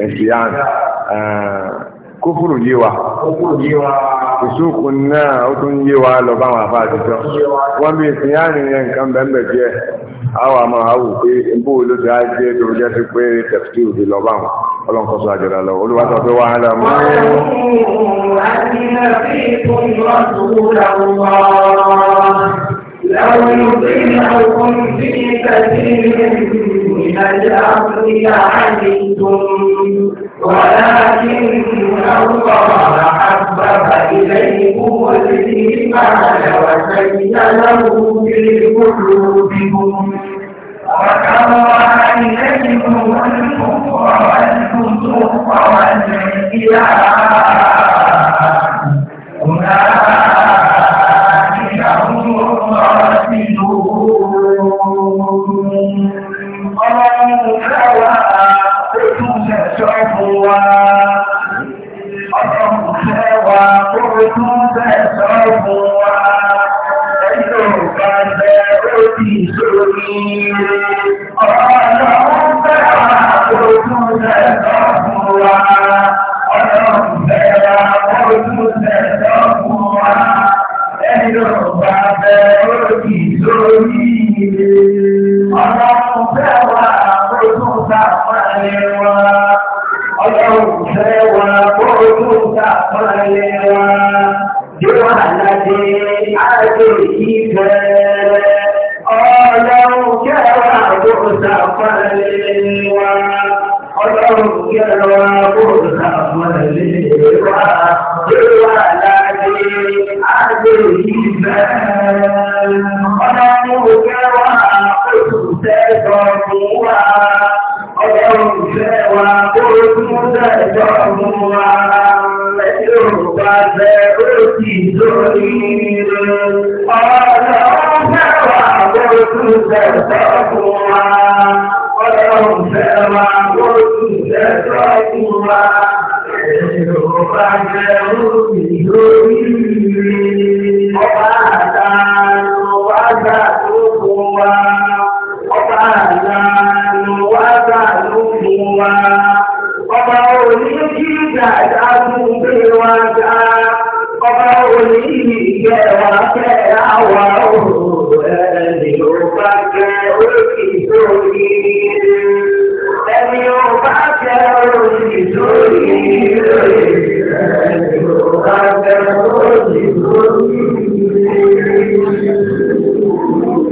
ẹ̀sìyàn kófùrù yé wa ìṣókù náà ó tún yé wa lọ bá wọn àfa àtijọ́ wọ́n bí ìsìyàn nìyẹn nǹkan bẹ́ẹ̀ bẹ́ẹ̀ àwọn àmọ́ àwò pé bó ló ti á jẹ́ tó jẹ́ sí pé tẹ̀sítì òde lọ bá wọn ọlọ́nkọ́sọ àjọ̀dá lọ olúwa لو يطيعكم في كثير من الأرض لعلمتم ولكن الله حبب إليكم الإيمان وزينه في قلوبكم وكره إليكم الكفر والفسوق والعصيان